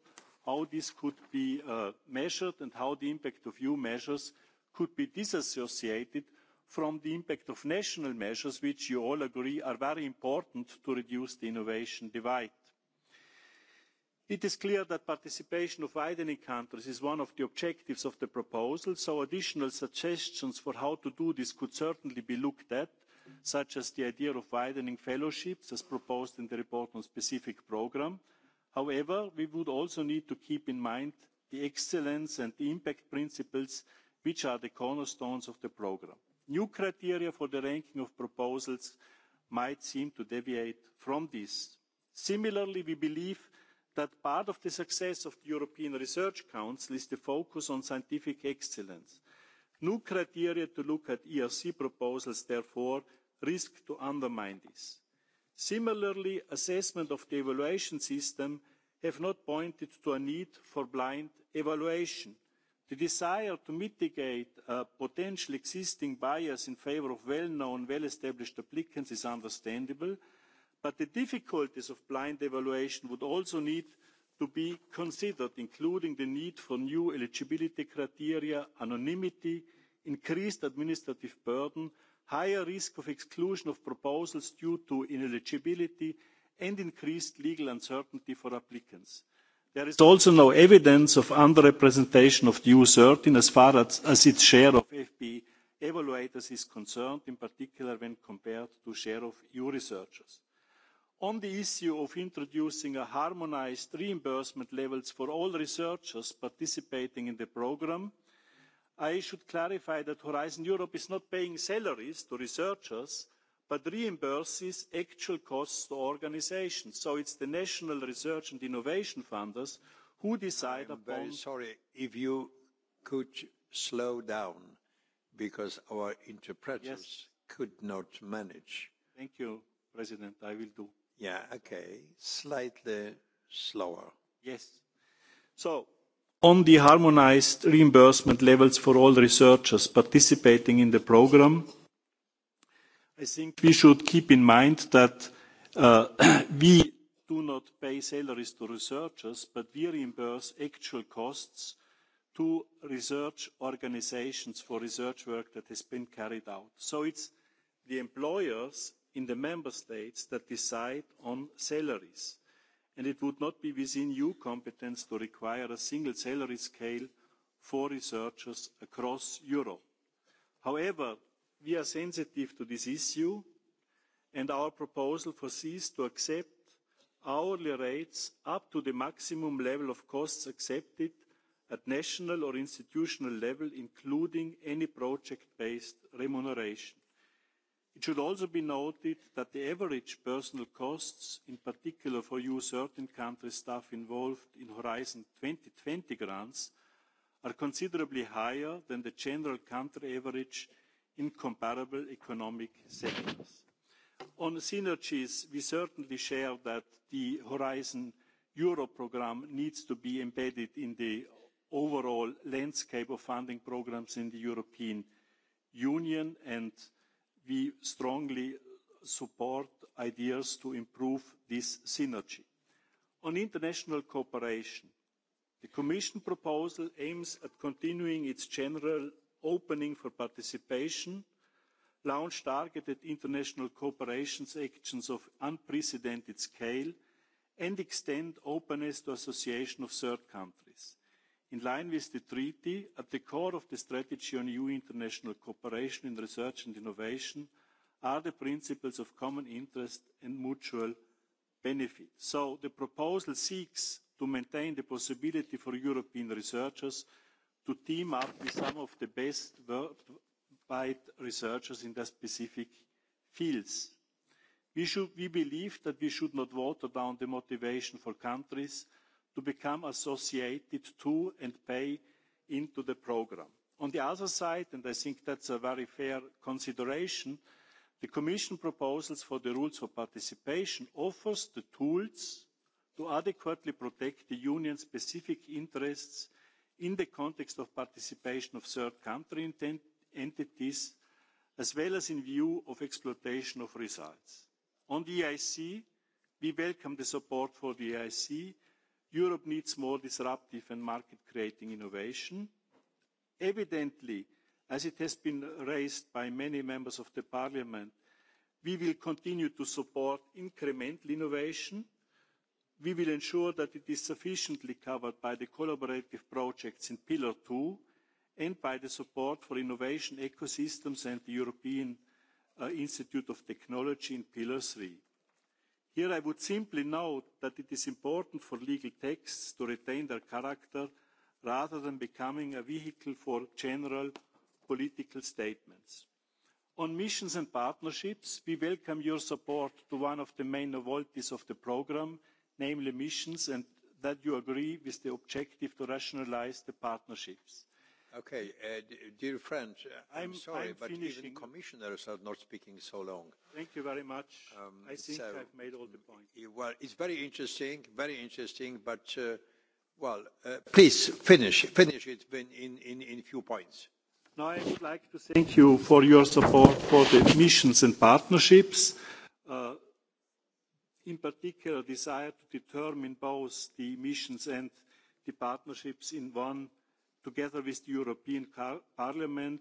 how this could be uh, measured and how the impact of EU measures could be disassociated from the impact of national measures, which you all agree are very important to reduce the innovation divide it is clear that participation of widening countries is one of the objectives of the proposal so additional suggestions for how to do this could certainly be looked at such as the idea of widening fellowships as proposed in the report on specific programme. however we would also need to keep in mind the excellence and the impact principles which are the cornerstones of the programme. new criteria for the ranking of proposals might seem to deviate from this. similarly we believe that part of the success of the European Research Council is the focus on scientific excellence. New criteria to look at ERC proposals, therefore, risk to undermine this. Similarly, assessment of the evaluation system have not pointed to a need for blind evaluation. The desire to mitigate a uh, potential existing bias in favour of well-known, well-established applicants is understandable, but the difficulties of blind evaluation would also need to be considered including the need for new eligibility criteria anonymity increased administrative burden higher risk of exclusion of proposals due to ineligibility and increased legal uncertainty for applicants. There is also no evidence of under representation of the EU thirteen as far as, as its share of FP evaluators is concerned, in particular when compared to share of EU researchers on the issue of introducing a harmonised reimbursement levels for all researchers participating in the programme i should clarify that horizon europe is not paying salaries to researchers but reimburses actual costs to organisations so it's the national research and innovation funders who decide I'm upon. very sorry if you could slow down because our interpreters yes. could not manage. Thank you, President. I will do. Yeah, okay. Slightly slower. Yes. So, on the harmonized reimbursement levels for all researchers participating in the program, I think we should keep in mind that uh, we do not pay salaries to researchers, but we reimburse actual costs to research organizations for research work that has been carried out. So it's the employers in the member states that decide on salaries and it would not be within eu competence to require a single salary scale for researchers across europe. however we are sensitive to this issue and our proposal foresees to accept hourly rates up to the maximum level of costs accepted at national or institutional level including any project based remuneration. It should also be noted that the average personal costs, in particular for EU certain country staff involved in Horizon 2020 grants, are considerably higher than the general country average in comparable economic sectors. On synergies, we certainly share that the Horizon Euro programme needs to be embedded in the overall landscape of funding programmes in the European Union and we strongly support ideas to improve this synergy. On international cooperation, the Commission proposal aims at continuing its general opening for participation, launch targeted international cooperation actions of unprecedented scale, and extend openness to association of third countries in line with the treaty at the core of the strategy on eu international cooperation in research and innovation are the principles of common interest and mutual benefit. so the proposal seeks to maintain the possibility for european researchers to team up with some of the best worldwide researchers in their specific fields. We, we believe that we should not water down the motivation for countries to become associated to and pay into the programme. on the other side and i think that's a very fair consideration the commission proposals for the rules for participation offer the tools to adequately protect the union's specific interests in the context of participation of third country entities as well as in view of exploitation of results. on the eic we welcome the support for the eic Europe needs more disruptive and market-creating innovation. Evidently, as it has been raised by many members of the parliament, we will continue to support incremental innovation. We will ensure that it is sufficiently covered by the collaborative projects in Pillar 2 and by the support for innovation ecosystems and the European uh, Institute of Technology in Pillar 3 here i would simply note that it is important for legal texts to retain their character rather than becoming a vehicle for general political statements. on missions and partnerships we welcome your support to one of the main novelties of the programme namely missions and that you agree with the objective to rationalise the partnerships. Okay, uh, dear friends, uh, I'm, I'm sorry, I'm but finishing. even commissioners are not speaking so long. Thank you very much. Um, I think so, I've made all the points. Well, it's very interesting, very interesting, but uh, well, uh, please finish, finish it in in in few points. Now I would like to thank you for your support for the missions and partnerships. Uh, in particular, desire to determine both the missions and the partnerships in one together with the European Parliament,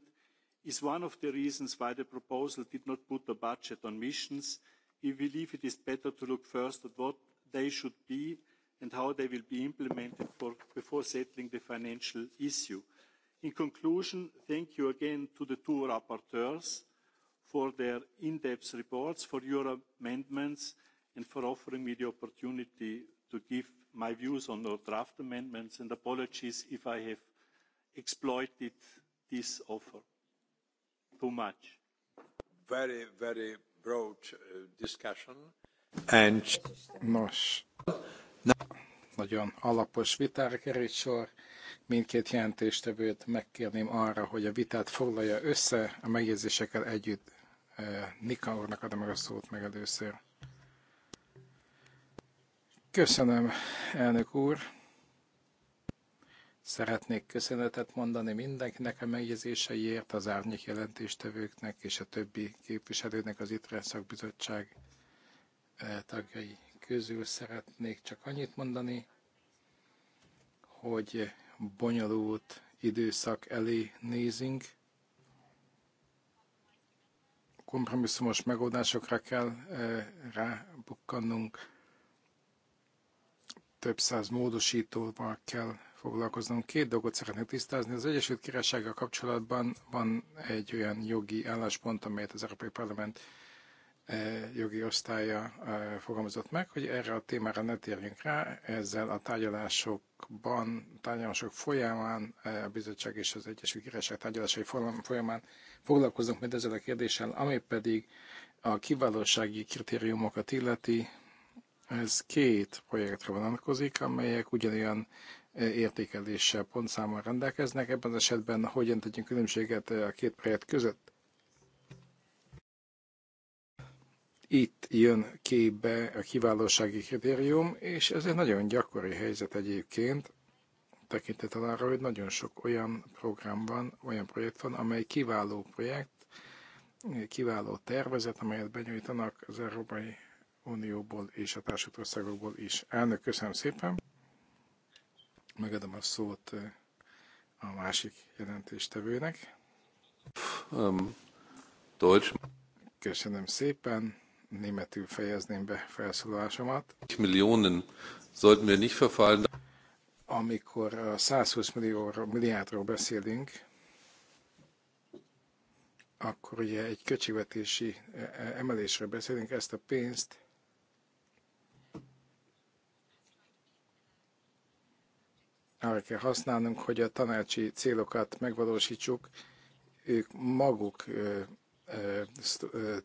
is one of the reasons why the proposal did not put a budget on missions. We believe it is better to look first at what they should be and how they will be implemented before settling the financial issue. In conclusion, thank you again to the two rapporteurs for their in-depth reports, for your amendments, and for offering me the opportunity to give my views on the draft amendments, and apologies if I have exploited this offer too much. Very, very broad uh, discussion. And... Nos, nagyon alapos vitára került sor. Mindkét jelentéstevőt megkérném arra, hogy a vitát foglalja össze a megjegyzésekkel együtt. Uh, Nika úrnak adom meg a szót meg először. Köszönöm, elnök úr. Szeretnék köszönetet mondani mindenkinek a megjegyzéseiért, az árnyék jelentéstevőknek és a többi képviselőnek az ITRE szakbizottság eh, tagjai közül szeretnék csak annyit mondani, hogy bonyolult időszak elé nézünk, kompromisszumos megoldásokra kell eh, rábukkannunk, több száz módosítóval kell foglalkoznunk. Két dolgot szeretnék tisztázni. Az Egyesült Királysággal kapcsolatban van egy olyan jogi álláspont, amelyet az Európai Parlament eh, jogi osztálya eh, fogalmazott meg, hogy erre a témára ne térjünk rá, ezzel a tárgyalásokban, tárgyalások folyamán, eh, a bizottság és az Egyesült Királyság tárgyalásai folyamán foglalkozunk majd ezzel a kérdéssel, ami pedig a kiválósági kritériumokat illeti, ez két projektre vonatkozik, amelyek ugyanolyan értékeléssel, pontszámmal rendelkeznek. Ebben az esetben hogyan tegyünk különbséget a két projekt között? Itt jön képbe a kiválósági kritérium, és ez egy nagyon gyakori helyzet egyébként, tekintetel arra, hogy nagyon sok olyan program van, olyan projekt van, amely kiváló projekt, kiváló tervezet, amelyet benyújtanak az Európai Unióból és a társadalmi országokból is. Elnök, köszönöm szépen! megadom a szót a másik jelentéstevőnek. Um, Deutsch. Köszönöm szépen. Németül fejezném be felszólalásomat. Millionen sollten wir nicht verfallen. Amikor a 120 millióról, milliárdról beszélünk, akkor ugye egy költségvetési e, e, emelésről beszélünk, ezt a pénzt arra kell használnunk, hogy a tanácsi célokat megvalósítsuk. Ők maguk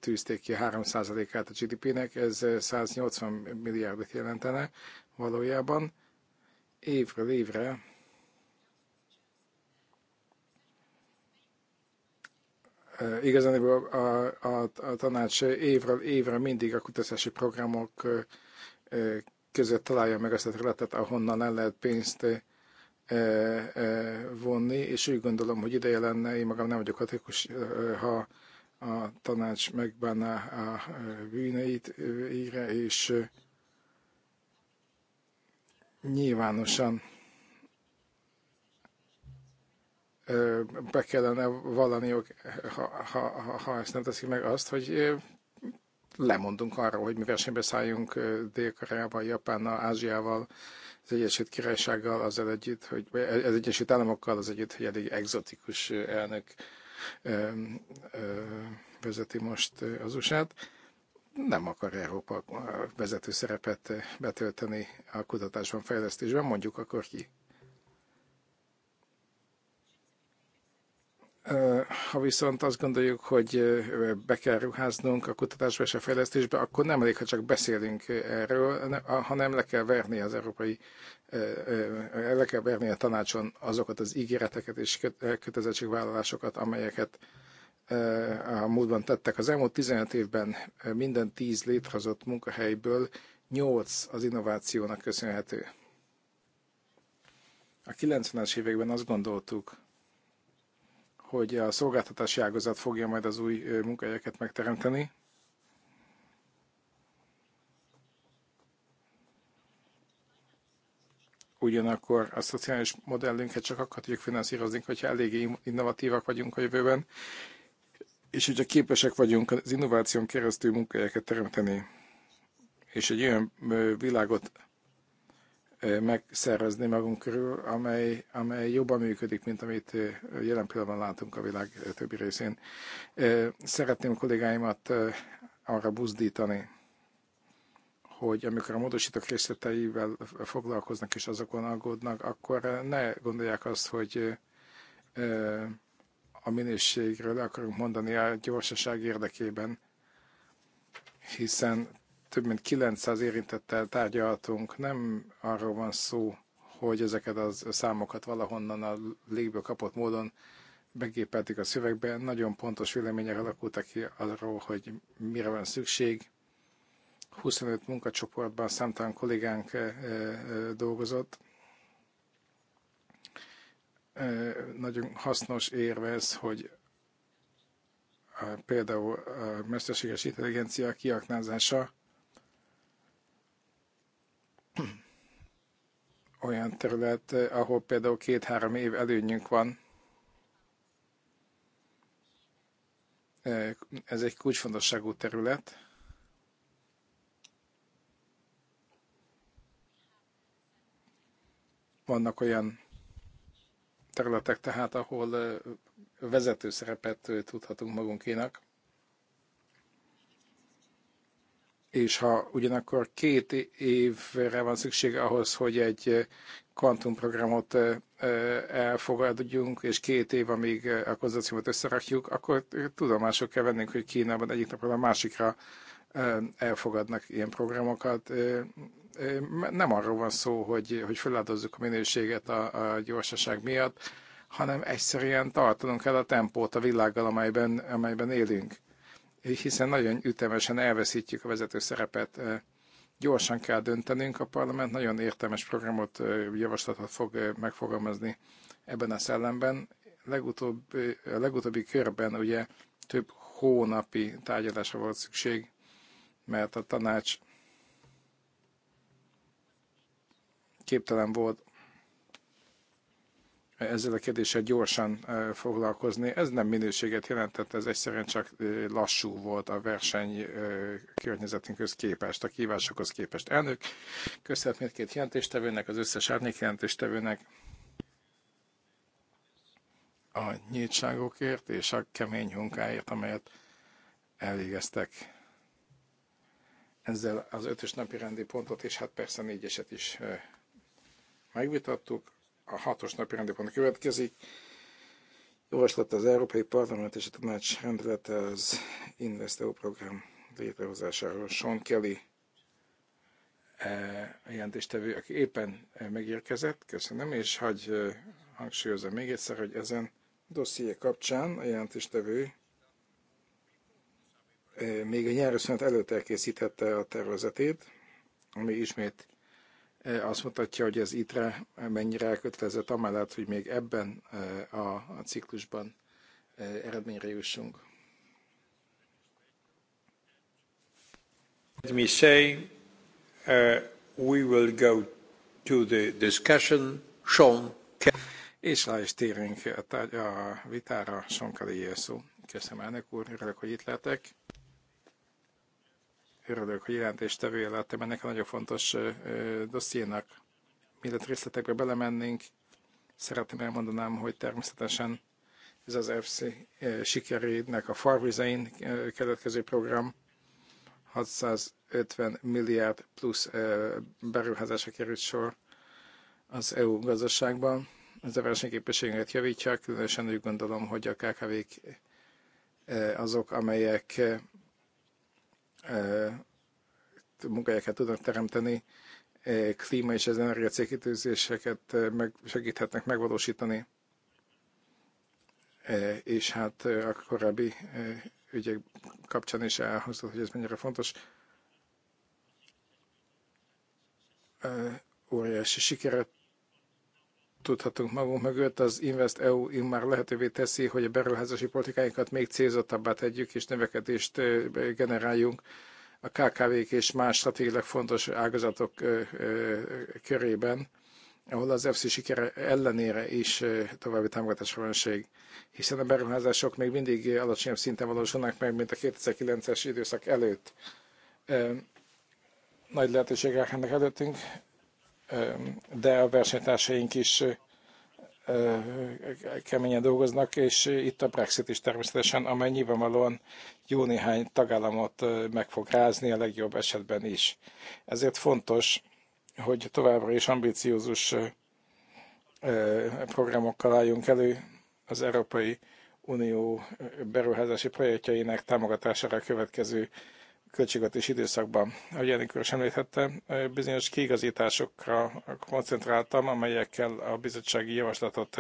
tűzték ki 3%-át a GDP-nek, ez 180 milliárdot jelentene valójában. Évről évre igazán a, a, a tanács évről évre mindig a kutatási programok között találja meg azt a területet, ahonnan el lehet pénzt vonni, és úgy gondolom, hogy ideje lenne, én magam nem vagyok hatikus, ha a tanács megbánná a bűneit ére és nyilvánosan be kellene valani, ha, ha, ha, ha ezt nem teszik meg, azt, hogy lemondunk arról, hogy mi versenybe szálljunk Dél-Koreával, Japánnal, Ázsiával, az Egyesült Királysággal az együtt, hogy, az Egyesült Államokkal az együtt, hogy elég egzotikus elnök ö, ö, vezeti most az USA-t. Nem akar Európa vezető szerepet betölteni a kutatásban, fejlesztésben, mondjuk akkor ki. Ha viszont azt gondoljuk, hogy be kell ruháznunk a kutatásba és a fejlesztésbe, akkor nem elég, ha csak beszélünk erről, hanem le kell verni az európai, le kell verni a tanácson azokat az ígéreteket és kötelezettségvállalásokat, amelyeket a múltban tettek. Az elmúlt 15 évben minden 10 létrehozott munkahelyből 8 az innovációnak köszönhető. A 90-es években azt gondoltuk, hogy a szolgáltatási ágazat fogja majd az új munkahelyeket megteremteni. Ugyanakkor a szociális modellünket csak akkor tudjuk finanszírozni, hogyha eléggé innovatívak vagyunk a jövőben, és hogyha képesek vagyunk az innováción keresztül munkahelyeket teremteni, és egy olyan világot megszervezni magunk körül, amely, amely jobban működik, mint amit jelen pillanatban látunk a világ többi részén. Szeretném a kollégáimat arra buzdítani, hogy amikor a módosítók részleteivel foglalkoznak és azokon aggódnak, akkor ne gondolják azt, hogy a minőségről akarunk mondani a gyorsaság érdekében, hiszen több mint 900 érintettel tárgyaltunk, nem arról van szó, hogy ezeket a számokat valahonnan a légből kapott módon begépeltük a szövegbe. Nagyon pontos vélemények alakultak ki arról, hogy mire van szükség. 25 munkacsoportban számtalan kollégánk eh, eh, dolgozott. Eh, nagyon hasznos érve ez, hogy például a mesterséges intelligencia kiaknázása olyan terület, eh, ahol például két-három év előnyünk van. Eh, ez egy kulcsfontosságú terület. Vannak olyan területek tehát, ahol eh, vezető szerepet tudhatunk magunkénak. és ha ugyanakkor két évre van szükség ahhoz, hogy egy eh, kvantumprogramot eh, eh, elfogadjunk, és két év, amíg a konzorciumot összerakjuk, akkor tudomások kell vennünk, hogy Kínában egyik napról a másikra elfogadnak ilyen programokat. Nem arról van szó, hogy, hogy feladozzuk a minőséget a, a gyorsaság miatt, hanem egyszerűen tartanunk kell a tempót a világgal, amelyben, amelyben élünk hiszen nagyon ütemesen elveszítjük a vezető szerepet. Gyorsan kell döntenünk, a parlament nagyon értelmes programot, javaslatot fog megfogalmazni ebben a szellemben. Legutóbb, a legutóbbi körben ugye több hónapi tárgyalásra volt szükség, mert a tanács képtelen volt ezzel a kérdéssel gyorsan foglalkozni. Ez nem minőséget jelentett, ez egyszerűen csak lassú volt a verseny környezetünkhöz képest, a kívásokhoz képest. Elnök, köszönhet mindkét jelentéstevőnek, az összes árnyék jelentéstevőnek a nyíltságokért és a kemény munkáért, amelyet elvégeztek ezzel az ötös napi rendi pontot, és hát persze négyeset is megvitattuk. A hatos napi rendőpont következik. Javaslat az Európai Parlament és a Tanács rendelete az Investeo program létrehozásáról. Sean Kelly e, a jelentéstevő, aki éppen e, megérkezett, köszönöm, és hagy e, hangsúlyozom még egyszer, hogy ezen dosszié kapcsán a jelentéstevő még a nyári szünet előtt elkészítette a tervezetét, ami ismét E, azt mutatja, hogy az ITRE mennyire elkötelezett amellett, hogy még ebben e, a ciklusban e, eredményre jussunk. Let me say, uh, we will go to the discussion. Sean és rá is térünk a, tárgy, a vitára, Sonkali szó. Köszönöm elnök úr, örülök, hogy itt lehetek örülök, hogy jelentéstevője lettem ennek a nagyon fontos dossziénak. Mielőtt részletekbe belemennénk, szeretném elmondanám, hogy természetesen ez az FC sikerének a farvizein keletkező program 650 milliárd plusz beruházásra került sor az EU gazdaságban. Ez a versenyképességet javítja, különösen úgy gondolom, hogy a KKV-k azok, amelyek munkahelyeket tudnak teremteni, klíma és az energia célkitűzéseket meg, segíthetnek megvalósítani. És hát a korábbi ügyek kapcsán is elhozott, hogy ez mennyire fontos. Óriási sikeret tudhatunk magunk mögött, az Invest EU már lehetővé teszi, hogy a beruházási politikáinkat még célzottabbá tegyük és növekedést generáljunk a KKV-k és más stratégileg fontos ágazatok körében, ahol az FC sikere ellenére is további támogatásra van szükség, hiszen a beruházások még mindig alacsonyabb szinten valósulnak meg, mint a 2009-es időszak előtt nagy lehetőségek ennek előttünk, de a versenytársaink is keményen dolgoznak, és itt a Brexit is természetesen, amely nyilvánvalóan jó néhány tagállamot meg fog rázni, a legjobb esetben is. Ezért fontos, hogy továbbra is ambiciózus programokkal álljunk elő az Európai Unió beruházási projektjeinek támogatására a következő költségvetés időszakban. Ahogy Enikor is említette, bizonyos kiigazításokra koncentráltam, amelyekkel a bizottsági javaslatot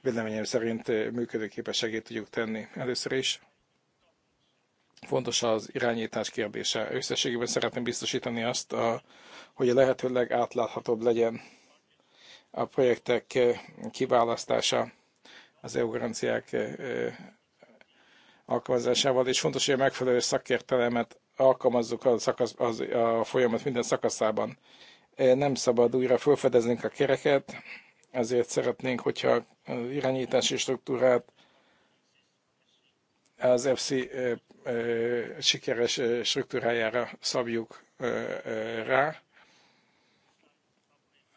véleményem szerint működőképességét tudjuk tenni. Először is fontos az irányítás kérdése. Összességében szeretném biztosítani azt, a, hogy a lehető legátláthatóbb legyen a projektek kiválasztása az EU garanciák alkalmazásával, és fontos, hogy a megfelelő szakértelemet alkalmazzuk a, szakasz, az, a folyamat minden szakaszában. Nem szabad újra felfedeznünk a kereket, ezért szeretnénk, hogyha az irányítási struktúrát az FC sikeres struktúrájára szabjuk rá.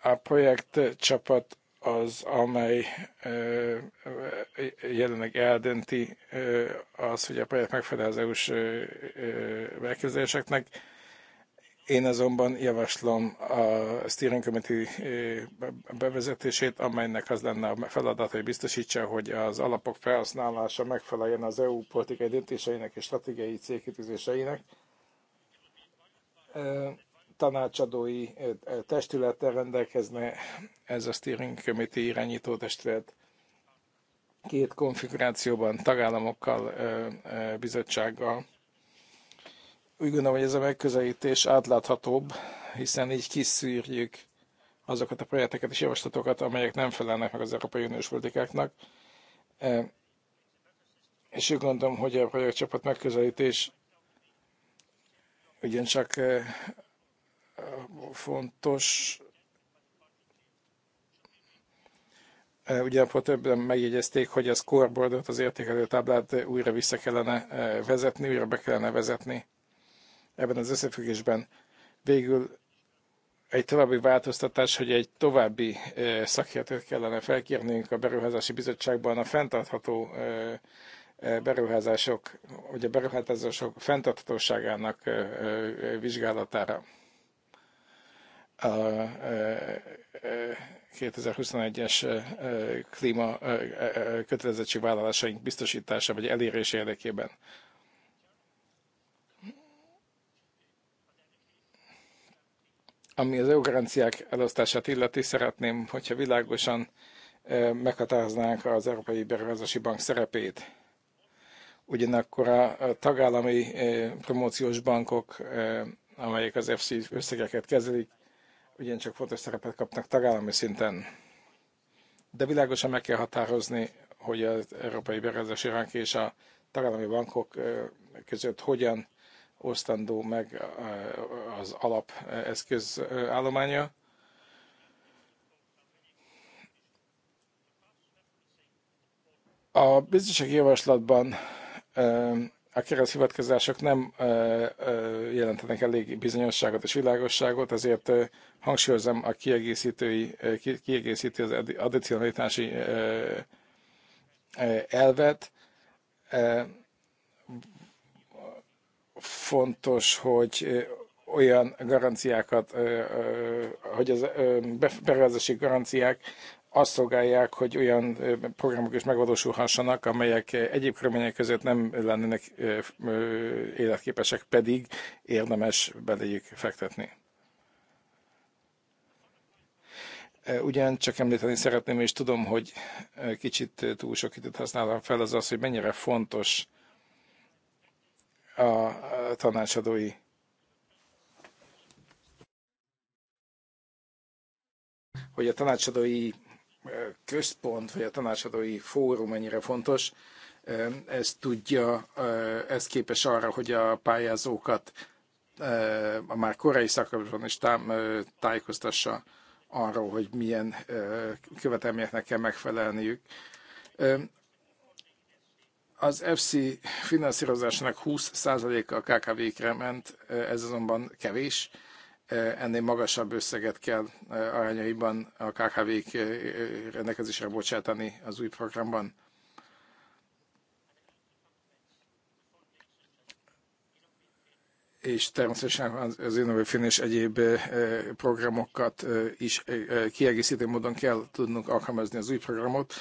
A projekt csapat az, amely jelenleg eldönti az, hogy a projekt megfelel az EU-s elképzeléseknek. Én azonban javaslom a steering committee bevezetését, amelynek az lenne a feladata, hogy biztosítsa, hogy az alapok felhasználása megfeleljen az EU politikai döntéseinek és stratégiai célkitűzéseinek tanácsadói testülettel rendelkezne ez a steering committee irányító testület két konfigurációban, tagállamokkal, bizottsággal. Úgy gondolom, hogy ez a megközelítés átláthatóbb, hiszen így kiszűrjük azokat a projekteket és javaslatokat, amelyek nem felelnek meg az Európai Uniós politikáknak. És úgy gondolom, hogy a projektcsapat megközelítés ugyancsak fontos. Ugyanakkor többen megjegyezték, hogy az scoreboardot, az értékelő táblát újra vissza kellene vezetni, újra be kellene vezetni ebben az összefüggésben. Végül egy további változtatás, hogy egy további szakértőt kellene felkérnünk a Beruházási Bizottságban a fenntartható beruházások, ugye beruházások fenntarthatóságának vizsgálatára a 2021-es e, e, klíma e, vállalásaink biztosítása vagy elérése érdekében. Ami az EU garanciák elosztását illeti, szeretném, hogyha világosan meghatároznánk az Európai Beruházási Bank szerepét. Ugyanakkor a tagállami promóciós bankok, amelyek az FC összegeket kezelik, ugyancsak fontos szerepet kapnak tagállami szinten. De világosan meg kell határozni, hogy az Európai Beruházási Bank és a tagállami bankok között hogyan osztandó meg az eszköz állománya. A biztonsági javaslatban a hivatkozások nem jelentenek elég bizonyosságot és világosságot, ezért hangsúlyozom a kiegészítői, kiegészítő az addicionalitási elvet. Fontos, hogy olyan garanciákat, hogy az beruházási garanciák azt szolgálják, hogy olyan programok is megvalósulhassanak, amelyek egyéb körülmények között nem lennének életképesek, pedig érdemes beléjük fektetni. Ugyan csak említeni szeretném, és tudom, hogy kicsit túl sok időt használom fel, az az, hogy mennyire fontos a tanácsadói hogy a tanácsadói központ, vagy a tanácsadói fórum mennyire fontos, ez tudja, ez képes arra, hogy a pályázókat a már korai szakaszban is tájékoztassa arról, hogy milyen követelményeknek kell megfelelniük. Az FC finanszírozásnak 20%-a a KKV-kre ment, ez azonban kevés ennél magasabb összeget kell arányaiban a KKV-k rendelkezésre bocsátani az új programban. és természetesen az Innovation és egyéb programokat is kiegészítő módon kell tudnunk alkalmazni az új programot,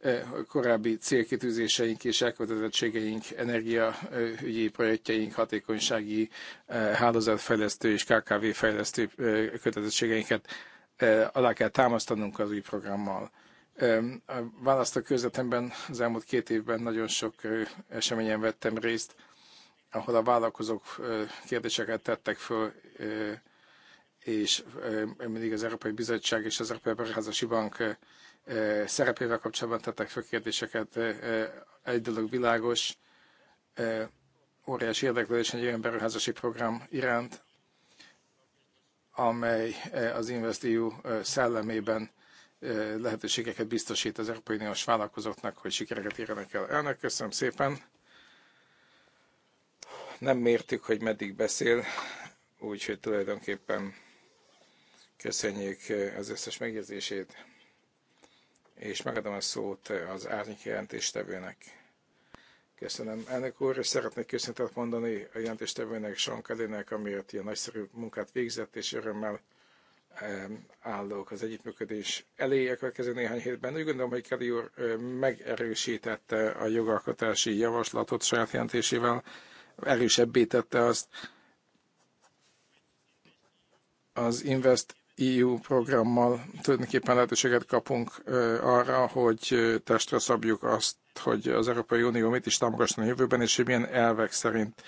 E, korábbi célkitűzéseink és elkötelezettségeink, energiaügyi e, projektjeink, hatékonysági e, hálózatfejlesztő és KKV fejlesztő kötelezettségeinket alá kell támasztanunk az új programmal. A választó közvetemben az elmúlt két évben nagyon sok eseményen vettem részt, ahol a vállalkozók kérdéseket tettek föl, és mindig az Európai Bizottság és az Európai Beruházási Bank szerepével kapcsolatban tettek fel kérdéseket. Egy dolog világos, óriási érdeklődés egy olyan beruházási program iránt, amely az InvestEU szellemében lehetőségeket biztosít az Európai Uniós vállalkozóknak, hogy sikereket érjenek el. Elnök, köszönöm szépen! Nem mértük, hogy meddig beszél, úgyhogy tulajdonképpen köszönjük az összes megjegyzését és megadom a szót az árnyék jelentéstevőnek. Köszönöm. Elnök úr, és szeretnék köszönetet mondani a jelentéstevőnek, Sean Kellynek, amiért ilyen nagyszerű munkát végzett, és örömmel állok az együttműködés elé a következő néhány hétben. Úgy gondolom, hogy Kelly úr megerősítette a jogalkotási javaslatot saját jelentésével, erősebbé tette azt. Az Invest EU programmal tulajdonképpen lehetőséget kapunk arra, hogy testre szabjuk azt, hogy az Európai Unió mit is támogasson a jövőben, és hogy milyen elvek szerint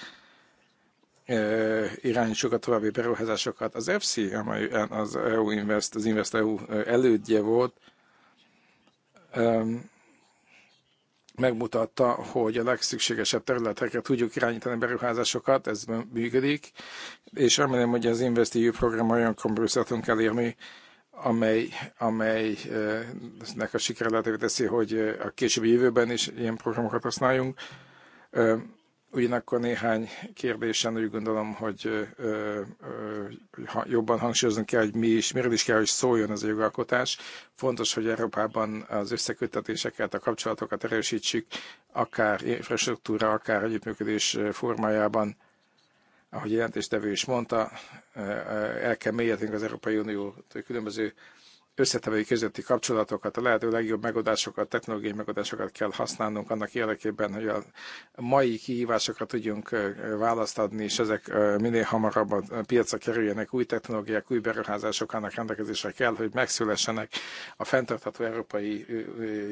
irányítsuk a további beruházásokat. Az FC, amely az EU Invest, az Invest EU elődje volt, megmutatta, hogy a legszükségesebb területekre tudjuk irányítani beruházásokat, ez működik, és remélem, hogy az InvestEU program olyan kompromisszatunk elérni, amely, amelynek eh, a sikere lehetővé teszi, hogy eh, a későbbi jövőben is ilyen programokat használjunk. Ugyanakkor néhány kérdésen úgy gondolom, hogy ö, ö, jobban hangsúlyozni kell, hogy mi is, miről is kell, hogy szóljon az a jogalkotás. Fontos, hogy Európában az összeköttetéseket, a kapcsolatokat erősítsük, akár infrastruktúra, akár együttműködés formájában. Ahogy jelentéstevő is mondta, el kell mélyednünk az Európai Unió különböző összetevői közötti kapcsolatokat, a lehető legjobb megoldásokat, technológiai megoldásokat kell használnunk annak érdekében, hogy a mai kihívásokat tudjunk választ adni, és ezek minél hamarabb a piacra kerüljenek, új technológiák, új beruházások annak rendelkezésre kell, hogy megszülessenek a fenntartható európai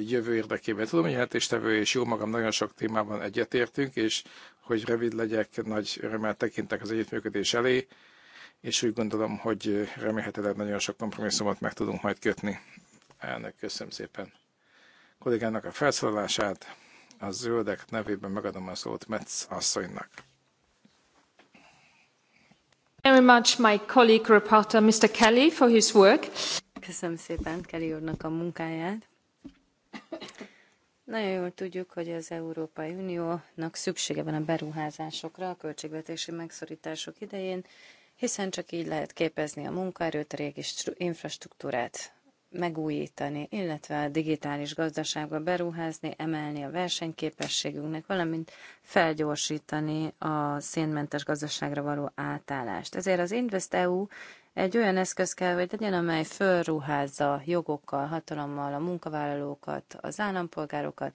jövő érdekében. Tudom, hogy jelentéstevő és jó magam nagyon sok témában egyetértünk, és hogy rövid legyek, nagy örömmel tekintek az együttműködés elé és úgy gondolom, hogy remélhetőleg nagyon sok kompromisszumot meg tudunk majd kötni. Elnök, köszönöm szépen kollégának a felszólalását. A zöldek nevében megadom a szót Metz asszonynak. Very much my colleague reporter, Mr. Kelly, for his work. Köszönöm szépen Kelly úrnak a munkáját. Nagyon jól tudjuk, hogy az Európai Uniónak szüksége van a beruházásokra a költségvetési megszorítások idején, hiszen csak így lehet képezni a munkaerőt, a régi infrastruktúrát megújítani, illetve a digitális gazdaságba beruházni, emelni a versenyképességünknek, valamint felgyorsítani a szénmentes gazdaságra való átállást. Ezért az InvestEU egy olyan eszköz kell, hogy legyen, amely fölruházza jogokkal, hatalommal a munkavállalókat, az állampolgárokat,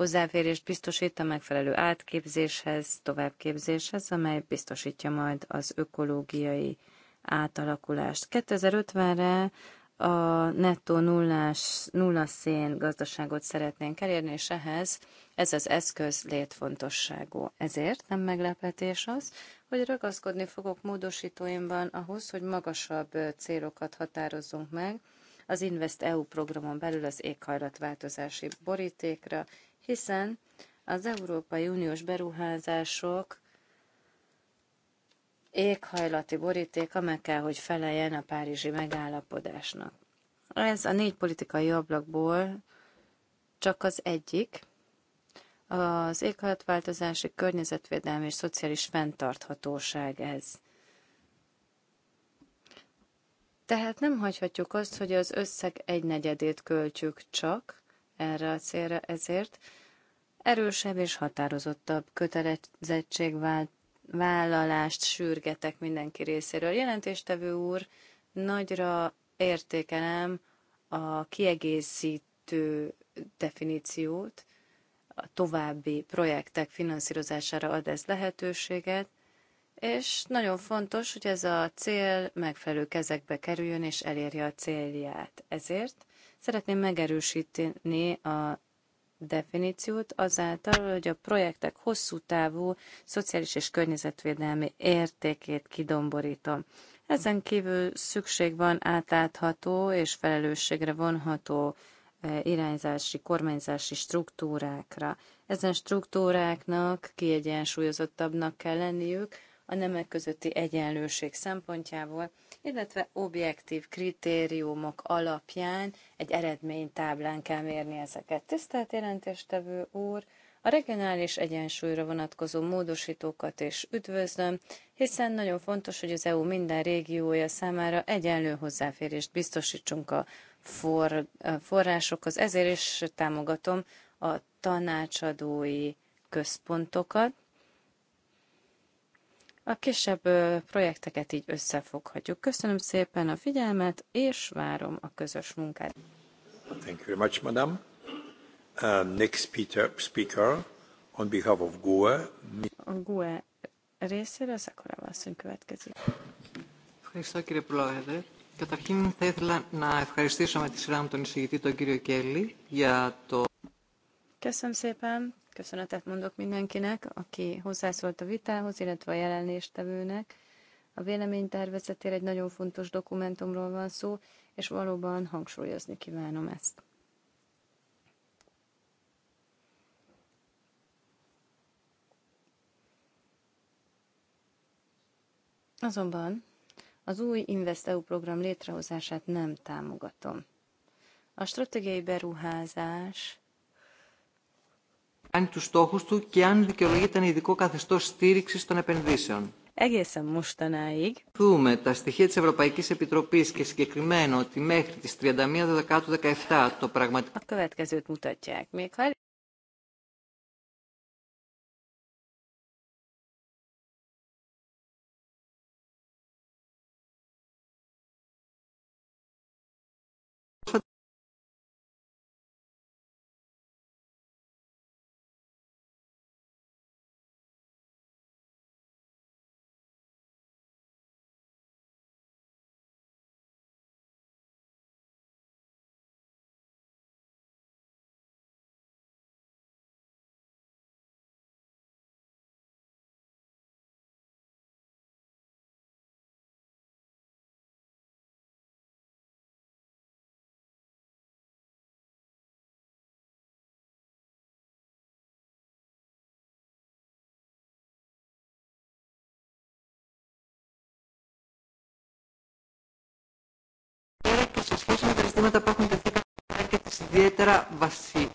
hozzáférést biztosít a megfelelő átképzéshez, továbbképzéshez, amely biztosítja majd az ökológiai átalakulást. 2050-re a nettó nullás, nulla szén gazdaságot szeretnénk elérni, és ehhez ez az eszköz létfontosságú. Ezért nem meglepetés az, hogy ragaszkodni fogok módosítóimban ahhoz, hogy magasabb célokat határozzunk meg az Invest EU programon belül az éghajlatváltozási borítékra hiszen az Európai Uniós beruházások éghajlati borítéka meg kell, hogy feleljen a párizsi megállapodásnak. Ez a négy politikai ablakból csak az egyik, az éghajlatváltozási, környezetvédelmi és szociális fenntarthatóság ez. Tehát nem hagyhatjuk azt, hogy az összeg egynegyedét költjük csak, erre a célra, ezért erősebb és határozottabb kötelezettségvállalást sürgetek mindenki részéről. Jelentéstevő úr, nagyra értékelem a kiegészítő definíciót, a további projektek finanszírozására ad ez lehetőséget, és nagyon fontos, hogy ez a cél megfelelő kezekbe kerüljön és elérje a célját. Ezért Szeretném megerősíteni a definíciót azáltal, hogy a projektek hosszú távú szociális és környezetvédelmi értékét kidomborítom. Ezen kívül szükség van átlátható és felelősségre vonható eh, irányzási, kormányzási struktúrákra. Ezen struktúráknak kiegyensúlyozottabbnak kell lenniük, a nemek közötti egyenlőség szempontjából, illetve objektív kritériumok alapján egy eredménytáblán kell mérni ezeket. Tisztelt jelentéstevő úr, a regionális egyensúlyra vonatkozó módosítókat is üdvözlöm, hiszen nagyon fontos, hogy az EU minden régiója számára egyenlő hozzáférést biztosítsunk a for, a forrásokhoz. Ezért is támogatom a tanácsadói központokat, a kisebb projekteket így összefoghatjuk. Köszönöm szépen a figyelmet, és várom a közös munkát. Thank you very much, madam. Uh, next Peter speaker on behalf of GUE. A GUE részéről Szakorava asszony következik. Ευχαριστώ κύριε Πρόεδρε. Καταρχήν θα ήθελα να ευχαριστήσω με τη σειρά μου τον εισηγητή τον κύριο Κέλλη για το... Köszönöm szépen köszönetet mondok mindenkinek, aki hozzászólt a vitához, illetve a jelenléstevőnek. A véleménytervezetére egy nagyon fontos dokumentumról van szó, és valóban hangsúlyozni kívánom ezt. Azonban az új InvestEU program létrehozását nem támogatom. A stratégiai beruházás κάνει τους στόχους του και αν δικαιολογείται ένα ειδικό καθεστώς στήριξης των επενδύσεων. Egészen mostanáig. Δούμε τα στοιχεία της Ευρωπαϊκής Επιτροπής και συγκεκριμένα ότι μέχρι τις 31 Δεκάτου 17 το πραγματικό... A következőt mutatják. Még ha ζητήματα που έχουν τεθεί κατά τη ιδιαίτερα βασι,